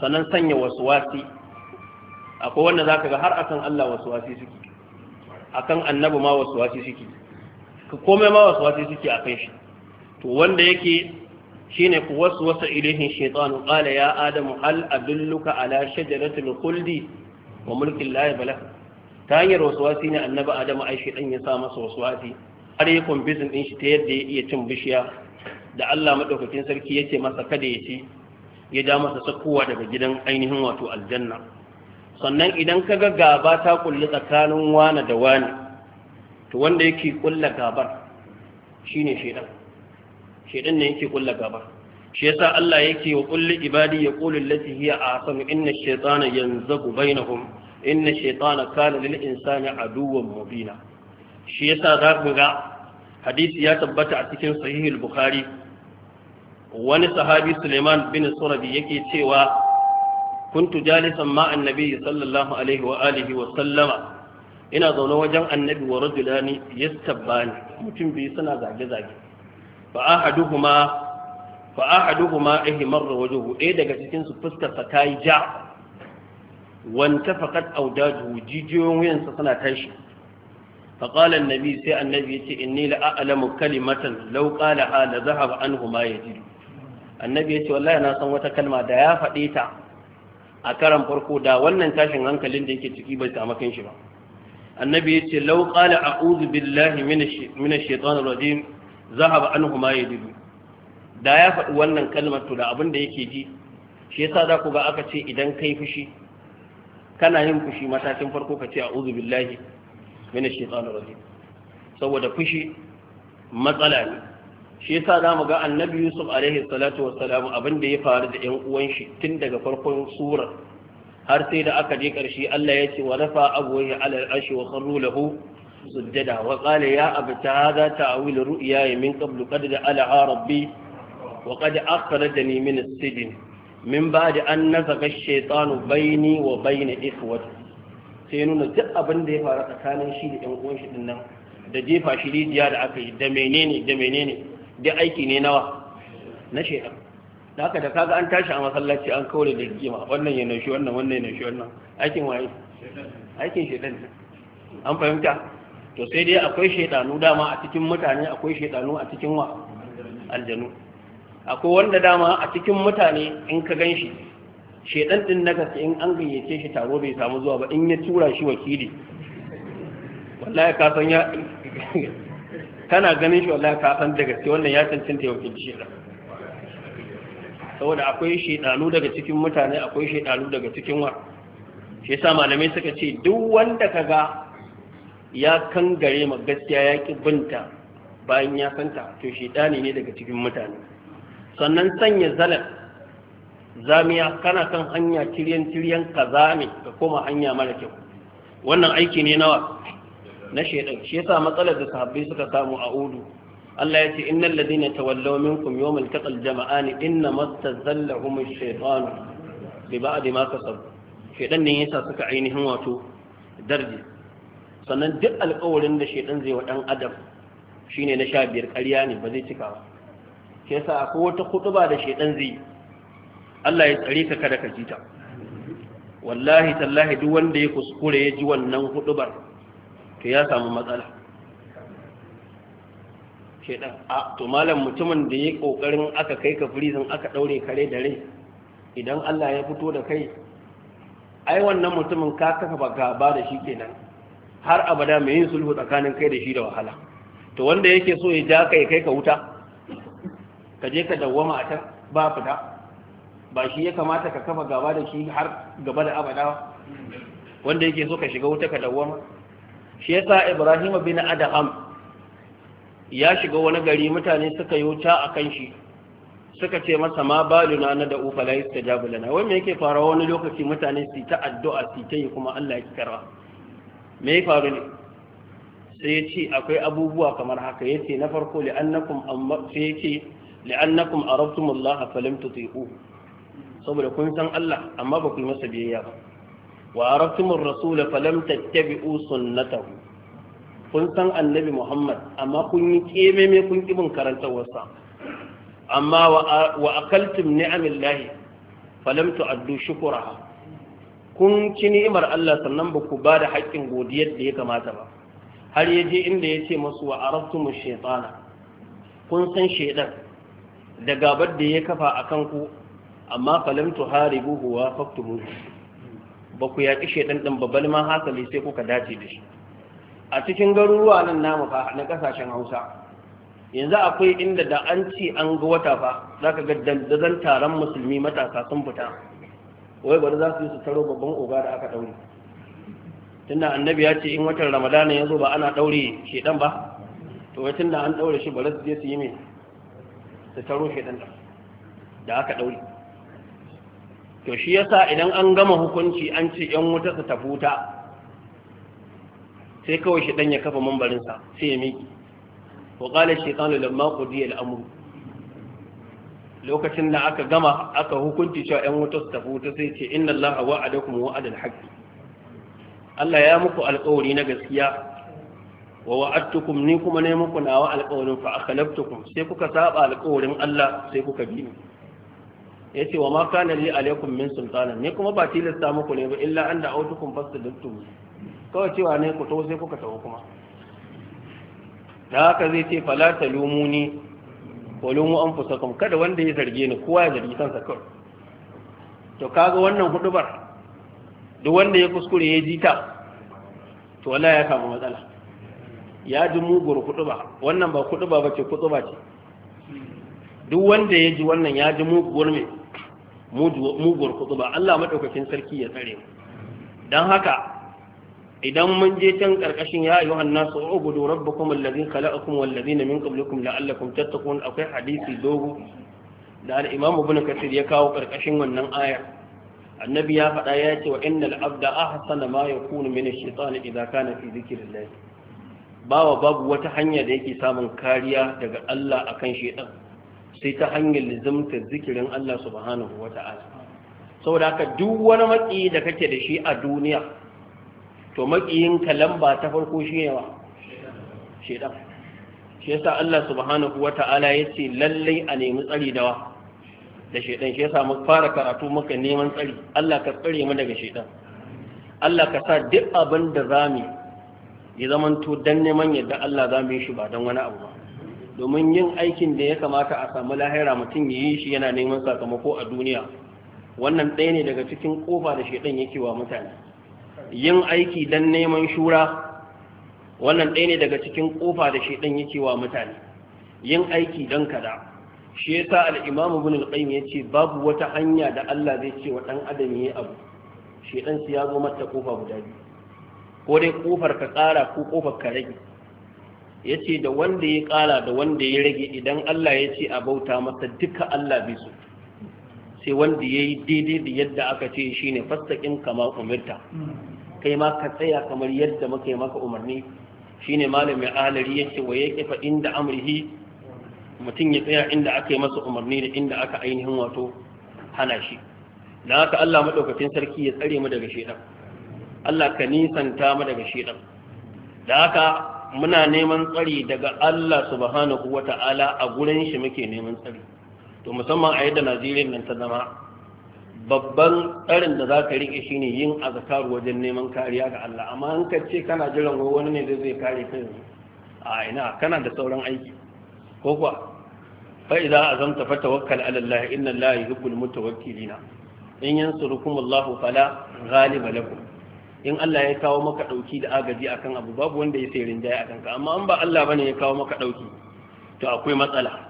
sannan sanya akwai wanda zaka ga har akan Allah waswasi suke akan annabi ma wasu wasi suke ka komai ma wasu wasi suke kan shi to wanda yake shine ku wasu wasa ilihin shaytanu qala ya adamu hal abilluka ala shajaratil khuldi wa mulkin la bala ta hanyar wasu wasi ne annabi adamu ai shaytan ya sa masa wasu wasi har ya bizin din shi ta yadda ya iya cin bishiya da Allah madaukakin sarki ya ce masa kada ya ci ya ja masa sakowa daga gidan ainihin wato aljanna sannan idan ka ga gaba ta kulli tsakanin wane da wane to wanda yake kulla gabar shine shaidan shaidan ne yake kulla gabar shi yasa Allah yake wa kulli ibadi ya yaqulu allati hiya asam inna ash-shaytana yanzagu bainahum inna ash-shaytana kana lil insani aduwwan mubina shi yasa za ku ga hadisi ya tabbata a cikin sahih al-bukhari wani sahabi Suleiman bin Surabi yake cewa كنت جالسا ma النبي صلى الله عليه وآله وسلم ina zaune wajen annabi wa rajulani ya tabba ni biyu suna zage-zage fa ahaduhuma fa ahaduhuma ihmar wajhu eh daga cikin su fuskar sa kai ja wan tafaqat awdaju jijiyoyin wayan sa suna tashi fa qala annabi sai annabi yace inni la a'lamu kalimatan law qala ha la dhahaba anhu ma yajidu annabi yace wallahi na san wata kalma da ya faɗe ta a karan farko da wannan tashin hankalin da yake ciki bai samu shi ba annabi ya ce, qala a'udhu billahi minash shaitanir rajim zahaba anhu ma yadidu da ya faɗi wannan kalmar to da abin da yake ji shi yasa za ku ga aka ce idan kai fushi kana yin fushi matakin farko ka ce a'udhu billahi minash shaitanir rajim saboda fushi matsala ne shi yasa za mu ga annabi yusuf alaihi salatu wassalam abin da ya faru da yan uwan shi tun daga farkon surar har sai da aka je ƙarshe Allah ya ce wa rafa abuwai ala al'ashi wa kharru lahu sujjada wa qala ya abata hadha ta'wil ru'ya min qabl qad ala rabbi wa qad akhrajani min as-sijn min ba'di an nazaka ash-shaytanu bayni wa bayna ikhwati sai nuna duk abin da ya faru tsakanin shi da 'yan uwan shi da jefa shi rijiya da aka yi da menene da menene da aiki ne nawa na shaidan da aka da kaga an tashi a masallaci an kawo da jima, wannan ya shi wannan wannan ya shi wannan aikin waye aikin shaidan an fahimta to sai dai akwai shaidanu dama a cikin mutane akwai shaidanu a cikin wa aljanu akwai wanda dama a cikin mutane in ka gan shi shaidan din na gaske in an gayyace shi taro bai samu zuwa ba in ya tura shi wakili wallahi ka san ya kana ganin shi wallahi ka san daga gaske wannan ya cancanta yau kin shi saboda akwai shedanu daga cikin mutane akwai shedanu daga cikin wa shi yasa malamai suka ce duk wanda kaga ya kangare ma gaskiya ya ki binta bayan ya santa to shedani ne daga cikin mutane sannan sanya zalal zamiya kana kan hanya tiryan tiryan kaza ne ka koma hanya mara kyau wannan aiki ne nawa na shaidan shi yasa matsalar da sahabbai suka samu a udu Allah ya ce innal ladina tawallaw minkum yawmal taqal jama'ani inna mastazallahum ash-shaytan bi ba'di ma kasab shaidan ne yasa suka ainihin wato darje sannan duk alƙawarin da shaidan zai wa dan adam shine na sha biyar ƙarya ne ba zai cika ba shi yasa akwai wata kutuba da shaidan zai yi. Allah ya tsare ka kada ka ji ta. wallahi tallahi duk wanda ya kuskure ya ji wannan hudubar to ya samu matsala shedan a to malam mutumin da ya kokarin aka kai ka firizin aka daure kare da rai idan Allah ya fito da kai ai wannan mutumin ka kafa gaba da shi kenan har abada mai yin sulhu tsakanin kai da shi da wahala to wanda yake so ya ja kai kai ka wuta ka je ka dawwama a can ba fita ba shi ya kamata ka kafa gaba da shi har gaba da abada wanda yake so ka shiga wuta ka dawwama shi yasa Ibrahim bin adam ya shiga wani gari mutane suka yi wuta a kan shi suka ce masa ma baluna na da ufa layi ta jabulana wai me yake fara wani lokaci mutane su ta addu'a su ta yi kuma Allah ya kira me ya faru ne sai ya ce akwai abubuwa kamar haka ya ce na farko li'annakum amma sai ya ce li'annakum falam tuti'u saboda kun san Allah amma ba ku yi masa biyayya ba wa arabtumur rasul falam tattabi'u sunnatahu kun san annabi Muhammad amma kun yi kememe kun ki bin karantawarsa amma wa akaltum ni'amillahi falam tu'addu shukuraha kun ci ni'imar Allah sannan ba ku ba da haƙƙin godiyar da ya kamata ba har ya je inda yace masu wa arabtumu shaytana kun san shaydan da gabar da ya kafa akan ku amma falam tuharibuhu wa faktumuhu ba ku yaƙi shaidan ɗin babbal haka hasali sai kuka dace da shi a cikin garuruwa nan namu fa na ƙasashen hausa yanzu akwai inda da an ci an ga wata fa za ka ga dandazon taron musulmi matasa sun fita wai bari za su yi su taro babban oga da aka ɗaure tunda annabi ya ce in watan ramadana ya zo ba ana ɗaure shaidan ba to wai tunda an ɗaure shi bari su je su yi mai su taro shaidan da aka ɗaure to shi yasa idan an gama hukunci an ce yan wuta su tafi wuta sai kawai shi dan ya kafa mambarinsa sai ya miki wa qala shaytanu lamma qudiya al-amr lokacin da aka gama aka hukunci cewa ‘yan wuta su tafi wuta sai ce inna Allah wa'adakum wa'adal haqqi Allah ya muku alƙawari na gaskiya wa wa'adtukum ni kuma ne muku nawa alƙawarin fa akhlaftukum sai kuka saba alƙawarin Allah sai kuka bi ni yace wa ma kana li alaikum min sultanan ne kuma ba tilasta muku ne ba illa an da autukum fastadtum kawai cewa ne ku to sai kuka tawo kuma da haka zai ce fala talumuni ko lumu anfusakum kada wanda ya zarge ni kowa ya zargi kansa kawai to kaga wannan hudubar duk wanda ya kuskure ya ji ta to wala ya samu matsala ya ji mugur huduba wannan ba ce kutsu kutuba ce duk wanda ya ji wannan ya ji mugur mai muguwar kudu ba Allah maɗaukakin sarki ya tsare don haka idan mun je can ƙarƙashin ya yi wahanna su ubudu rabbakum allazi khalaqakum wallazi na min qablikum la'allakum tattaqun akwai hadisi dogo da al-imamu kasir ya kawo ƙarƙashin wannan ayar annabi ya faɗa ya ce wa innal abda ahsana ma yakunu min ash-shaytan idza kana fi dhikrillah bawa babu wata hanya da yake samun kariya daga Allah akan shaytan sai ta hanyar lizimta zikirin Allah subhanahu wa ta'ala saboda haka duk wani maki da kake da shi a duniya to makiyin ka lamba ta farko shi yawa shedan shi yasa Allah subhanahu wa ta'ala ya ce lallai a nemi tsari dawa da shedan shi yasa mu fara karatu muka neman tsari Allah ka tsare mu daga shedan Allah ka sa duk abin da zamu yi ya zamanto dan neman yadda Allah zamu yi shi ba dan wani abu ba domin yin aikin da ya kamata a samu lahira mutum ya yi shi yana neman sakamako a duniya wannan ɗaya ne daga cikin ƙofa da shaidan yake wa mutane yin aiki don neman shura wannan ɗaya ne daga cikin ƙofa da shaidan yake wa mutane yin aiki don kada shi yasa al al'imamu bin al-qayyim ce babu wata hanya da Allah zai ce wa ɗan adam yayi abu shaidan ya zo mata ƙofa guda biyu ko dai ƙofar ka tsara ko ƙofar ka rage ya ce da wanda ya ƙara da wanda ya rage idan Allah ya ce a bauta masa duka Allah bai su sai wanda ya yi daidai da yadda aka ce shi ne fastaƙin kama umarta kai ma ka tsaya kamar yadda maka yi maka umarni shi ne malamin alari ya ce wa ya kifa inda amurhi mutum ya tsaya inda aka yi masa umarni da inda aka ainihin wato hana shi da haka Allah maɗaukacin sarki ya tsare mu daga shaidan Allah ka nisanta mu daga shaidan da haka muna neman tsari daga Allah subhanahu wata'ala a gurin shi muke neman tsari to musamman a yadda Najeriya nan ta zama babban tsarin da za ka rike shine yin azkar wajen neman kariya ga Allah amma in ka ce kana jiran wani ne da zai kare kai a ina kana da sauran aiki ko kuwa fa idza azamta fatawakkal ala Allah inna Allah yuhibbul mutawakkilina in yansurukum fala ghaliba lakum in Allah ya kawo maka ɗauki da agaji akan abu babu wanda ya sai rinjaye a kanka. amma in ba Allah bane ya kawo maka ɗauki to akwai matsala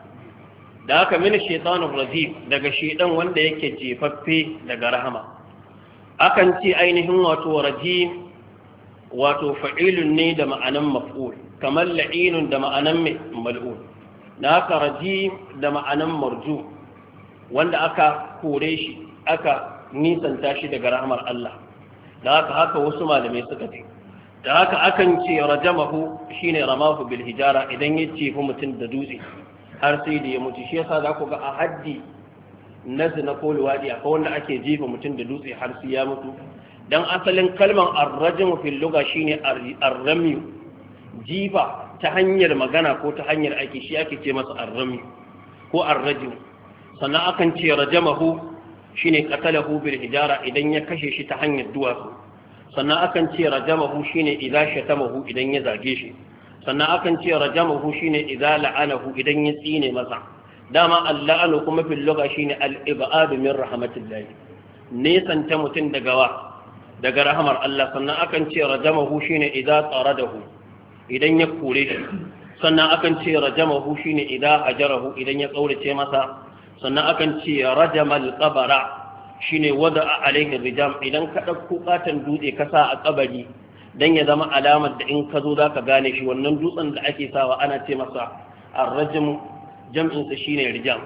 da aka mini shaitanur rajim daga shaidan wanda yake jefaffe daga rahama akan ce ainihin wato rajim wato fa'ilun ne da ma'anan maf'ul kamar la'inun da ma'anan mal'ul da aka rajim da ma'anan marju wanda aka kore shi aka nisanta shi daga rahamar Allah da haka haka wasu malamai suka ce da haka akan ce rajamahu shine ramahu bil hijara idan ya ce fa mutum da dutse har sai da ya mutu shi yasa za ku ga a haddi na zina ko luwadi akwai wanda ake jefa mutum da dutse har sai ya mutu dan asalin kalmar arrajam fi lugha shine arrami jifa ta hanyar magana ko ta hanyar aiki shi ake ce masa arrami ko arrajim sannan akan ce rajamahu shine qatalahu bil hijara idan ya kashe shi ta hanyar duwatsu sannan akan ce rajamahu shine idza shatamahu idan ya zage shi sannan akan ce rajamahu shine idza la'anahu idan ya tsine masa dama alla'anu kuma fil lugha shine al-ib'ad min rahmatillah Nisan ta mutum daga wa daga rahamar Allah sannan akan ce rajamahu shine idza taradahu idan ya kore shi sannan akan ce rajamahu shine idza ajarahu idan ya kaurace masa sannan akan ce rajamal qabara shine wada alaihi rijam idan ka ɗauko katan dutse ka sa a kabari dan ya zama alamar da in ka zo zaka gane shi wannan dutsen da ake sawa ana ce masa ar jam'insa jam'in sa shine rijam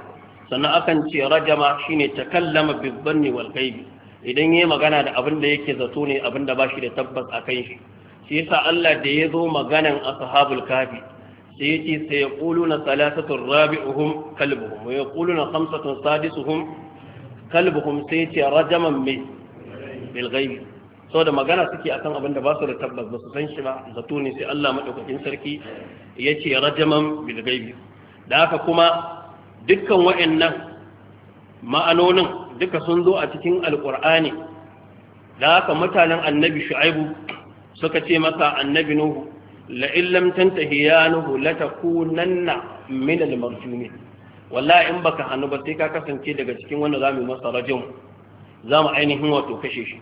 sannan akan ce rajama shine takallama bizbanni wal ghaibi idan yayi magana da abin da yake zato ne abin da bashi da tabbas kan shi shi yasa Allah da ya zo maganan ashabul kafi sai yace sai ya yaquluna salasatun rabi'uhum kalbuhum wa yaquluna khamsatun sadisuhum kalbuhum sai yace rajaman mai bil Sau da magana suke akan abin da ba su da tabbas ba su san shi ba zato ne sai Allah madaukakin sarki ya ce rajaman bil ghaib da haka kuma dukkan wa'annan ma'anonin duka sun zo a cikin Alƙur'ani da haka mutanen annabi shu'aibu suka ce masa annabi nuhu la'in lam tantahi ya nuhu latakunanna min al wallahi in baka hannu ba sai ka kasance daga cikin wanda zamu masa rajin zamu ainihin wato kashe shi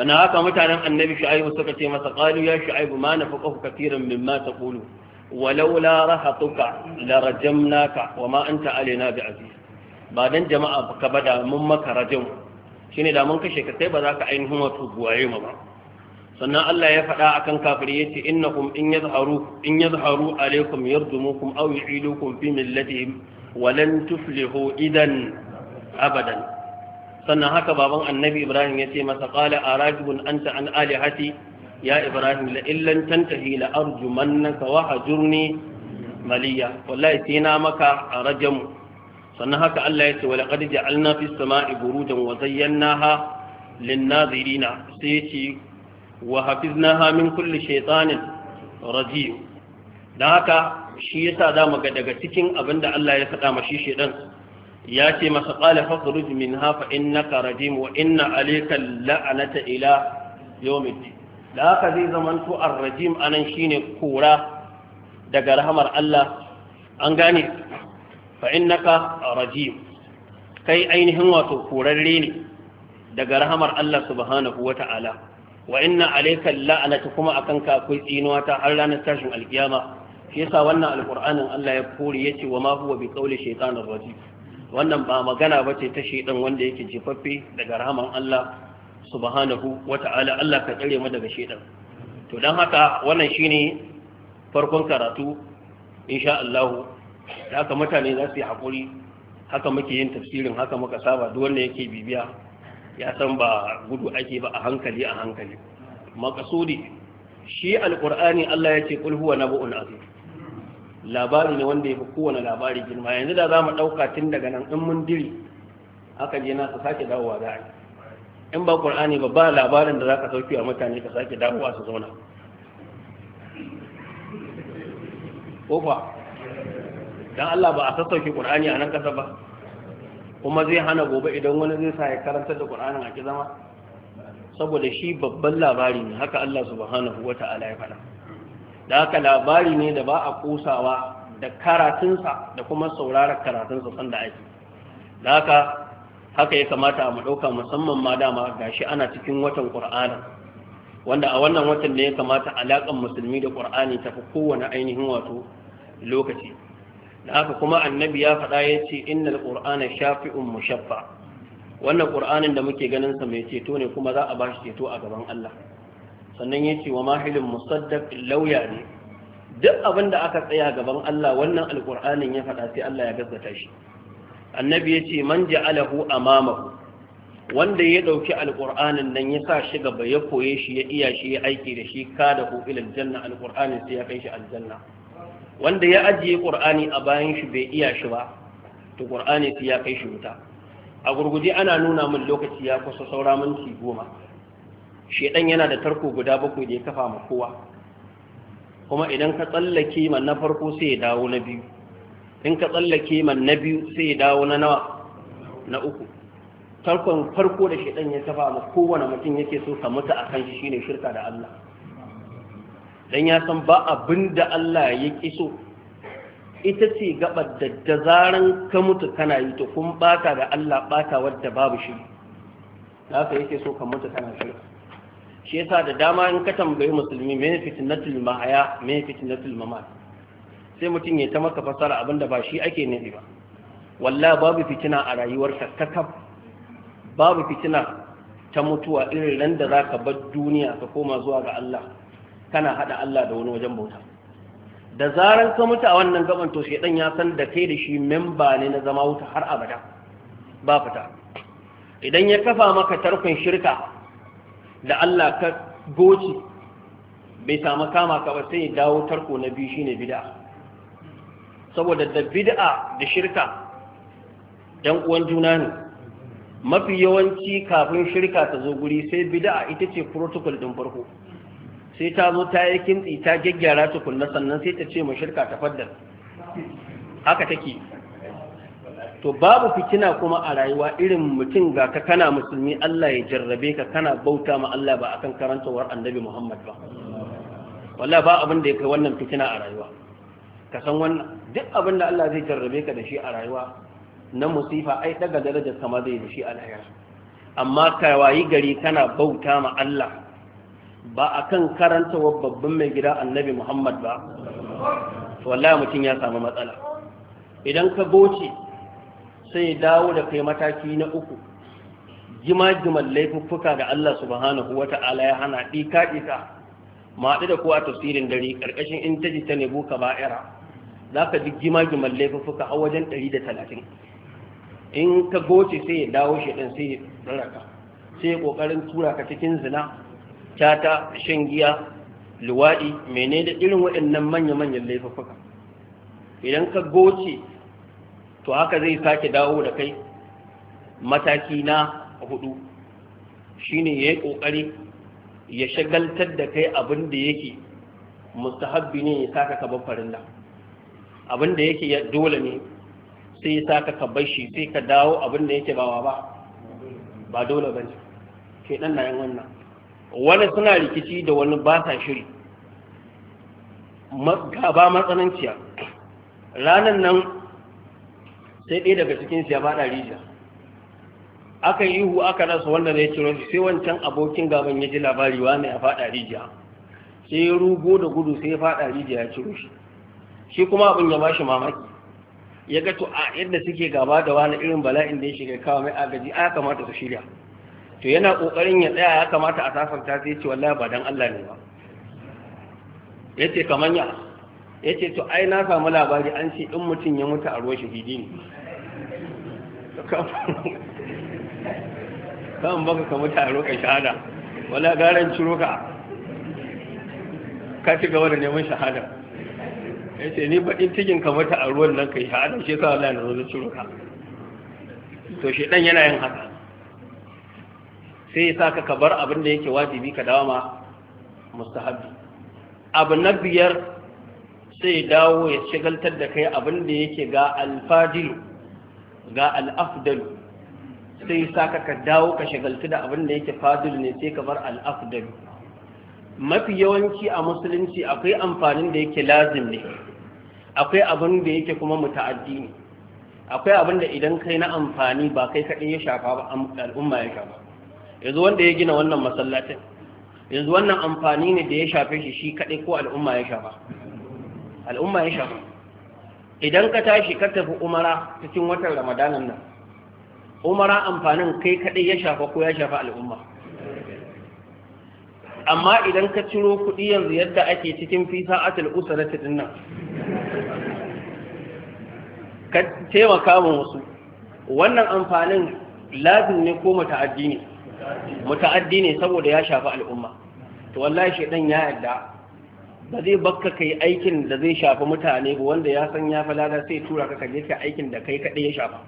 sana haka mutanen annabi shu'aibu suka ce masa qalu ya shu'aibu ma nafaqahu katiran mimma taqulu walaula rahatuka la rajamnaka wama anta alaina bi aziz ba dan jama'a ka bada mun maka rajin shine da mun kashe ka sai ba za ka ainihin wato guwaye mu ba sannan Allah ya faɗa akan kafiri yace innakum in yazharu in yazharu alaikum yardumukum aw yu'idukum fi millatihim wa lan tuflihu idan abadan sannan haka baban annabi Ibrahim yace masa qala arajibun anta an alihati ya Ibrahim la illan tantahi la arjumannaka wa hajurni maliya wallahi sai na maka rajamu sannan haka Allah yace wa laqad ja'alna fis sama'i burujan wa zayyanaha lin-nazirina sai ce. وحفظناها من kulle shaitanin رجيم Da haka shi yasa za mu ga daga cikin abin da Allah ya faɗa mashi shi ɗan ya ce masa ƙala fakhruj min hafa innaka rajim wa inna alayka la'anata ila yawmiddin da haka zai zamanto ar-rajim anan ne kora daga rahamar Allah an gane fa innaka rajim kai ainihin wato korarre ne daga rahamar Allah subhanahu wata'ala wa inna alayka la'anata kuma akan ka akwai tsinuwa ta har ranar tashin alkiyama shi yasa wannan alqur'anin Allah ya kore yace wa ma huwa bi qawli shaytanir rajim wannan ba magana bace ta shaydan wanda yake jifaffe daga rahaman Allah subhanahu wata'ala Allah ka tsare mu daga shaydan to dan haka wannan shine farkon karatu insha Allah da haka mutane za su yi hakuri haka muke yin tafsirin haka muka saba duk wanda yake bibiya ya san ba gudu ake ba a hankali a hankali makasudi shi alkur'ani Allah ya ce kul huwa nabu'un azim labari ne wanda ya fi kowane labari girma yanzu da za mu ɗauka tun daga nan in mun diri aka je na su sake dawowa za a in ba ƙur'ani ba ba labarin da za ka sauki wa mutane ka sake dawowa su zauna ko fa dan Allah ba a sassauke ƙur'ani a nan ƙasa ba kuma zai hana gobe idan wani zai sa ya karanta da qur'anin a kizama saboda shi babban labari ne haka Allah subhanahu ta'ala ya faɗa da haka labari ne da ba a kusawa da karatunsa da kuma sauraron karatunsa sanda ake da haka haka ya kamata mu ɗauka musamman ma dama gashi ana cikin watan qur'anin wanda a wannan watan ne ya kamata alaƙar musulmi da ƙur'ani ta fi kowane ainihin wato lokaci da aka kuma annabi ya faɗa ya ce innal qur'ana shafi'un mushaffa wannan ƙur'anin da muke ganin sa mai ceto ne kuma za a ba shi ceto a gaban Allah sannan ya ce wa mahilin musaddaq lauya ne duk abin da aka tsaya gaban Allah wannan Alƙur'anin ya faɗa sai Allah ya gaskata shi annabi ya ce man ja'alahu amamahu wanda ya ɗauki alƙur'anin nan ya sa shi gaba ya koye shi ya iya shi ya aiki da shi ka da ku ilal janna alƙur'anin sai ya kai shi aljanna wanda ya ajiye ƙur'ani a bayan shi bai iya shi ba to ƙur'ani ya kai shi wuta a gurguje ana nuna min lokaci ya kusa saura minti goma shedan yana da tarko guda bakwai da ya kafa ma kowa kuma idan ka tsallake man na farko sai ya dawo na biyu in ka tsallake man na biyu sai ya dawo na nawa na uku tarkon farko da shedan ya kafa ma kowane mutum yake so ka mutu akan shi shine shirka da Allah dan ya san ba abinda da Allah ya ƙi so ita ce gabar da da zaran ka mutu kana yi to kun bata da Allah ɓata wadda babu shi da haka yake so ka mutu kana shi shi yasa da dama in ka tambayi musulmi me fitnatul mahaya me fitnatul mamat sai mutum ya ta maka fasara abinda ba shi ake nadi ba walla babu fitina a rayuwar ta kaf babu fitina ta mutuwa irin randa da zaka bar duniya ka koma zuwa ga Allah kana hada Allah da wani wajen bauta da zaran ka mutu a wannan gaban to shedan ya san da kai da shi memba ne na zama wuta har abada ba fita idan ya kafa maka tarkon shirka da Allah ka goci bai samu kama ka ba sai ya dawo tarko na biyu shine bid'a saboda da bid'a da shirka dan uwan juna ne mafi yawanci kafin shirka ta zo guri sai bid'a ita ce protocol din farko sai ta zo ta yi kintsi ta gyaggyara tukunna sannan sai ta ce mu shirka ta faddar haka take to babu fitina kuma a rayuwa irin mutum ga ka kana musulmi Allah ya jarrabe ka kana bauta ma Allah ba akan karantawar annabi Muhammad ba wallahi ba abin da ya kai wannan fitina a rayuwa ka san wannan duk abin da Allah zai jarrabe ka da shi a rayuwa na musifa ai daga darajar kama zai da shi a amma ka wayi gari kana bauta ma Allah ba a kan karanta wa babban mai gida annabi Muhammad ba ya mutum ya samu matsala idan ka goce sai dawo da kai mataki na uku jima-jiman laifuffuka da Allah subhanahu wa ta'ala ya hana ɗika-ɗika maɗu da kuwa tafsirin dare ƙarƙashin in ta ji ta nebo ka ba'ira za ka ji jima-jiman laifuffuka a wajen ɗari da talatin in ka goce sai ya dawo shi sai ya ka. sai ya ƙoƙarin tura ka cikin zina tata shan giya luwaɗi menene irin waɗannan manya-manyan laifuka idan ka goce to haka zai sake dawo da kai mataki na hudu shine ya yi ƙoƙari ya shagaltar da kai abin da yake mustahabbi ne ya saka ka farin da abin da yake dole ne sai ya saka ka shi sai ka dawo abin da yake bawa ba ba dole ba ne ke ɗan na yin wannan wani suna rikici da wani ba sa shiri gaba matsananciya ranar nan sai ɗaya daga cikin ya faɗa rijiya aka yi hu aka rasa wanda zai ciro shi sai wancan abokin gaban ya ji labari wani ya faɗa rijiya sai ya rugo da gudu sai ya faɗa rijiya ya ciro shi shi kuma abin ya bashi mamaki ya gato a yadda suke gaba da wani irin bala'in da ya shiga kawo mai agaji a kamata su shirya to yana kokarin ya tsaya ya kamata a sasanta sai ce wallahi ba dan Allah ne ba yace kaman ya yace to ai na samu labari an ce in mutum ya mutu a ruwan shahidi ne kan baka ka mutu a ruwan shahada wala garan ciro ka ka ci gaba da neman shahada yace ni baɗin cikin ka mutu a ruwan nan kai shahada shi yasa wallahi na zo ciro ka to shi dan yana yin haka sai ya saka ka bar abin da yake wajibi ka dawo ma mustahabi abu na biyar sai dawo ya shigaltar da kai abin da yake ga alfajiru ga al'afdalu sai saka ka dawo ka shigaltu da abin da yake fadilu ne sai ka bar al'afdalu mafi yawanci a musulunci akwai amfanin da yake lazim ne akwai abin da yake kuma muta'addi ne akwai abin da idan kai na amfani ba kai kaɗai ya shafa ba al'umma ya shafa yanzu wanda ya gina wannan masallacin yanzu wannan amfani ne da ya shafe shi shi kaɗai ko al'umma ya shafa al'umma ya shafa idan ka tashi ka tafi umara cikin watan ramadanan nan umara amfanin kai kaɗai ya shafa ko ya shafa al'umma amma idan ka ciro kuɗi yanzu yadda ake cikin fisa atal usarati din nan ka taimaka ma wasu wannan amfanin lazim ne ko mata'addi ne muta'addi ne saboda ya shafi al'umma to wallahi shedan ya yarda ba zai bakka kai aikin da zai shafi mutane ba wanda ya san ya falala sai tura ka kaje ka aikin da kai kadai ya shafa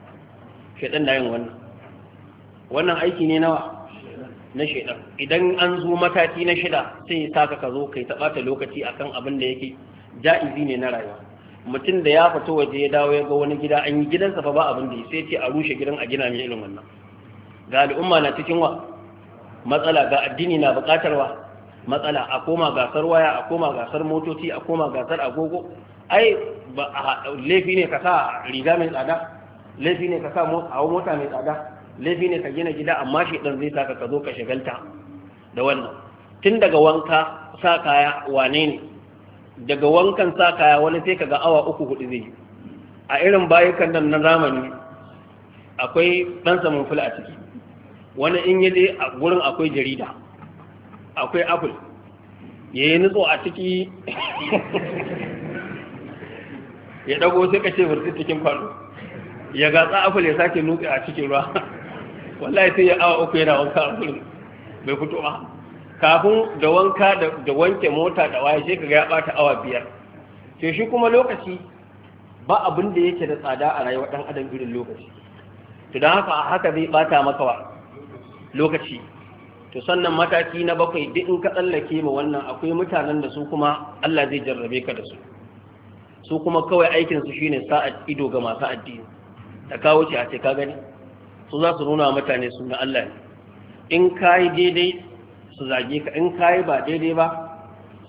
shedan na yin wannan wannan aiki ne nawa na shedan idan an zo mataki na shida sai ya saka ka zo kai ta bata lokaci akan abin da yake ja'izi ne na rayuwa mutum da ya fito waje ya dawo ya ga wani gida an yi gidansa fa ba abin da sai ce a rushe gidan a gina mai irin wannan ga al'umma na cikin wa matsala ga addini na buƙatarwa matsala a koma gasar waya a koma gasar motoci a koma gasar agogo ai laifi ne ka sa riga mai tsada laifi ne ka sa hawa mota mai tsada laifi ne ka gina gida amma shi dan zai saka ka zo ka shagalta da wannan tun daga wanka sa kaya wane ne daga wankan sa kaya wani sai kaga awa uku hudu zai yi a irin bayukan nan na zamani akwai dan samun fula a ciki wani in yaje a gurin akwai jarida akwai apple ya yi nutso a ciki ya dago sai ka ce burtsi cikin kwano ya gatsa apple ya sake nutse a cikin ruwa wallahi sai ya awa uku yana wanka apple bai fito ba kafin da wanka da wanke mota da waye sai kaga ya bata awa biyar to shi kuma lokaci ba abin da yake da tsada a rayuwar dan adam irin lokaci to dan haka haka zai bata maka wa lokaci to sannan mataki na bakwai duk in ka tsallake ma wannan akwai mutanen da su kuma Allah zai jarrabe ka da su su kuma kawai aikin su shine sa'a ido ga masu addini da kawo ce a ce ka gani su za su nuna mutane su na Allah ne in kai daidai su zage ka in kai ba daidai ba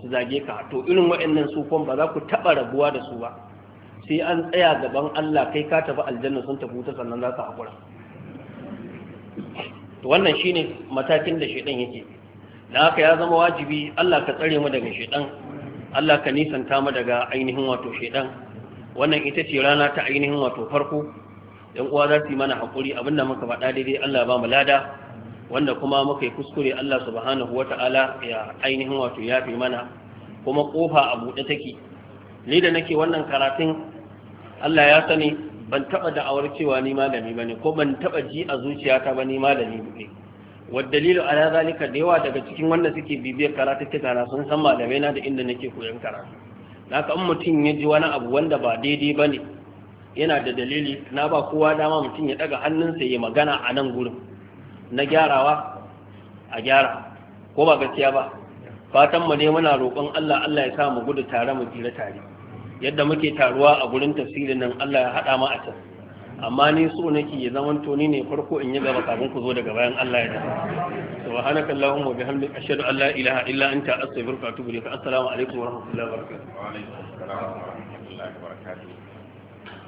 su zage ka to irin waɗannan su kuma ba za ku taɓa rabuwa da su ba sai an tsaya gaban Allah kai ka tafi aljanna sun tafi sannan za ka haƙura to wannan shine matakin da shedan yake da haka ya zama wajibi Allah ka tsare mu daga shedan Allah ka nisanta mu daga ainihin wato shedan wannan ita ce rana ta ainihin wato farko yan uwa za su yi mana hakuri abinda muka faɗa daidai Allah ba mu lada wanda kuma muka yi kuskure Allah subhanahu wata'ala ya ainihin wato yafi mana kuma kofa a buɗe take ni da nake wannan karatun Allah ya sani ban taɓa da'awar cewa ni malami ba ko ban taba ji a zuciyata ba ni malami ne dalilu ala zalika da yawa daga cikin wanda suke bibiyar karatuttuka na sun san malamai na da inda nake koyon karatu naka in mutum ya ji wani abu wanda ba daidai ba ne yana da dalili na ba kowa dama mutum ya daga hannunsa ya magana a nan gurin na gyarawa a gyara ko ba gaskiya ba fatan mu ne muna roƙon Allah Allah ya sa mu gudu tare mu tsira tare yadda muke taruwa a gurin tafsirin nan Allah ya haɗa mu a can amma ni so nake ya zaman to ni ne farko in yi gaba kafin ku zo daga bayan Allah ya da subhanaka allahumma bihamdika ashhadu an la ilaha illa anta astaghfiruka wa atubu ilayka assalamu alaikum wa rahmatullahi wa barakatuh wa alaikum assalam wa rahmatullahi wa barakatuh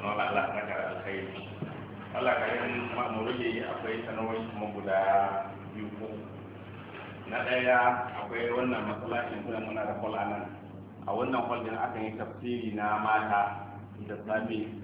Allah Allah saka alkhairi Allah ka yi ma'amuri akwai sanarwar kuma guda biyu ko na ɗaya akwai wannan matsalacin kuma muna da kwal'a nan a wannan hall din yi tafsiri na mata da safe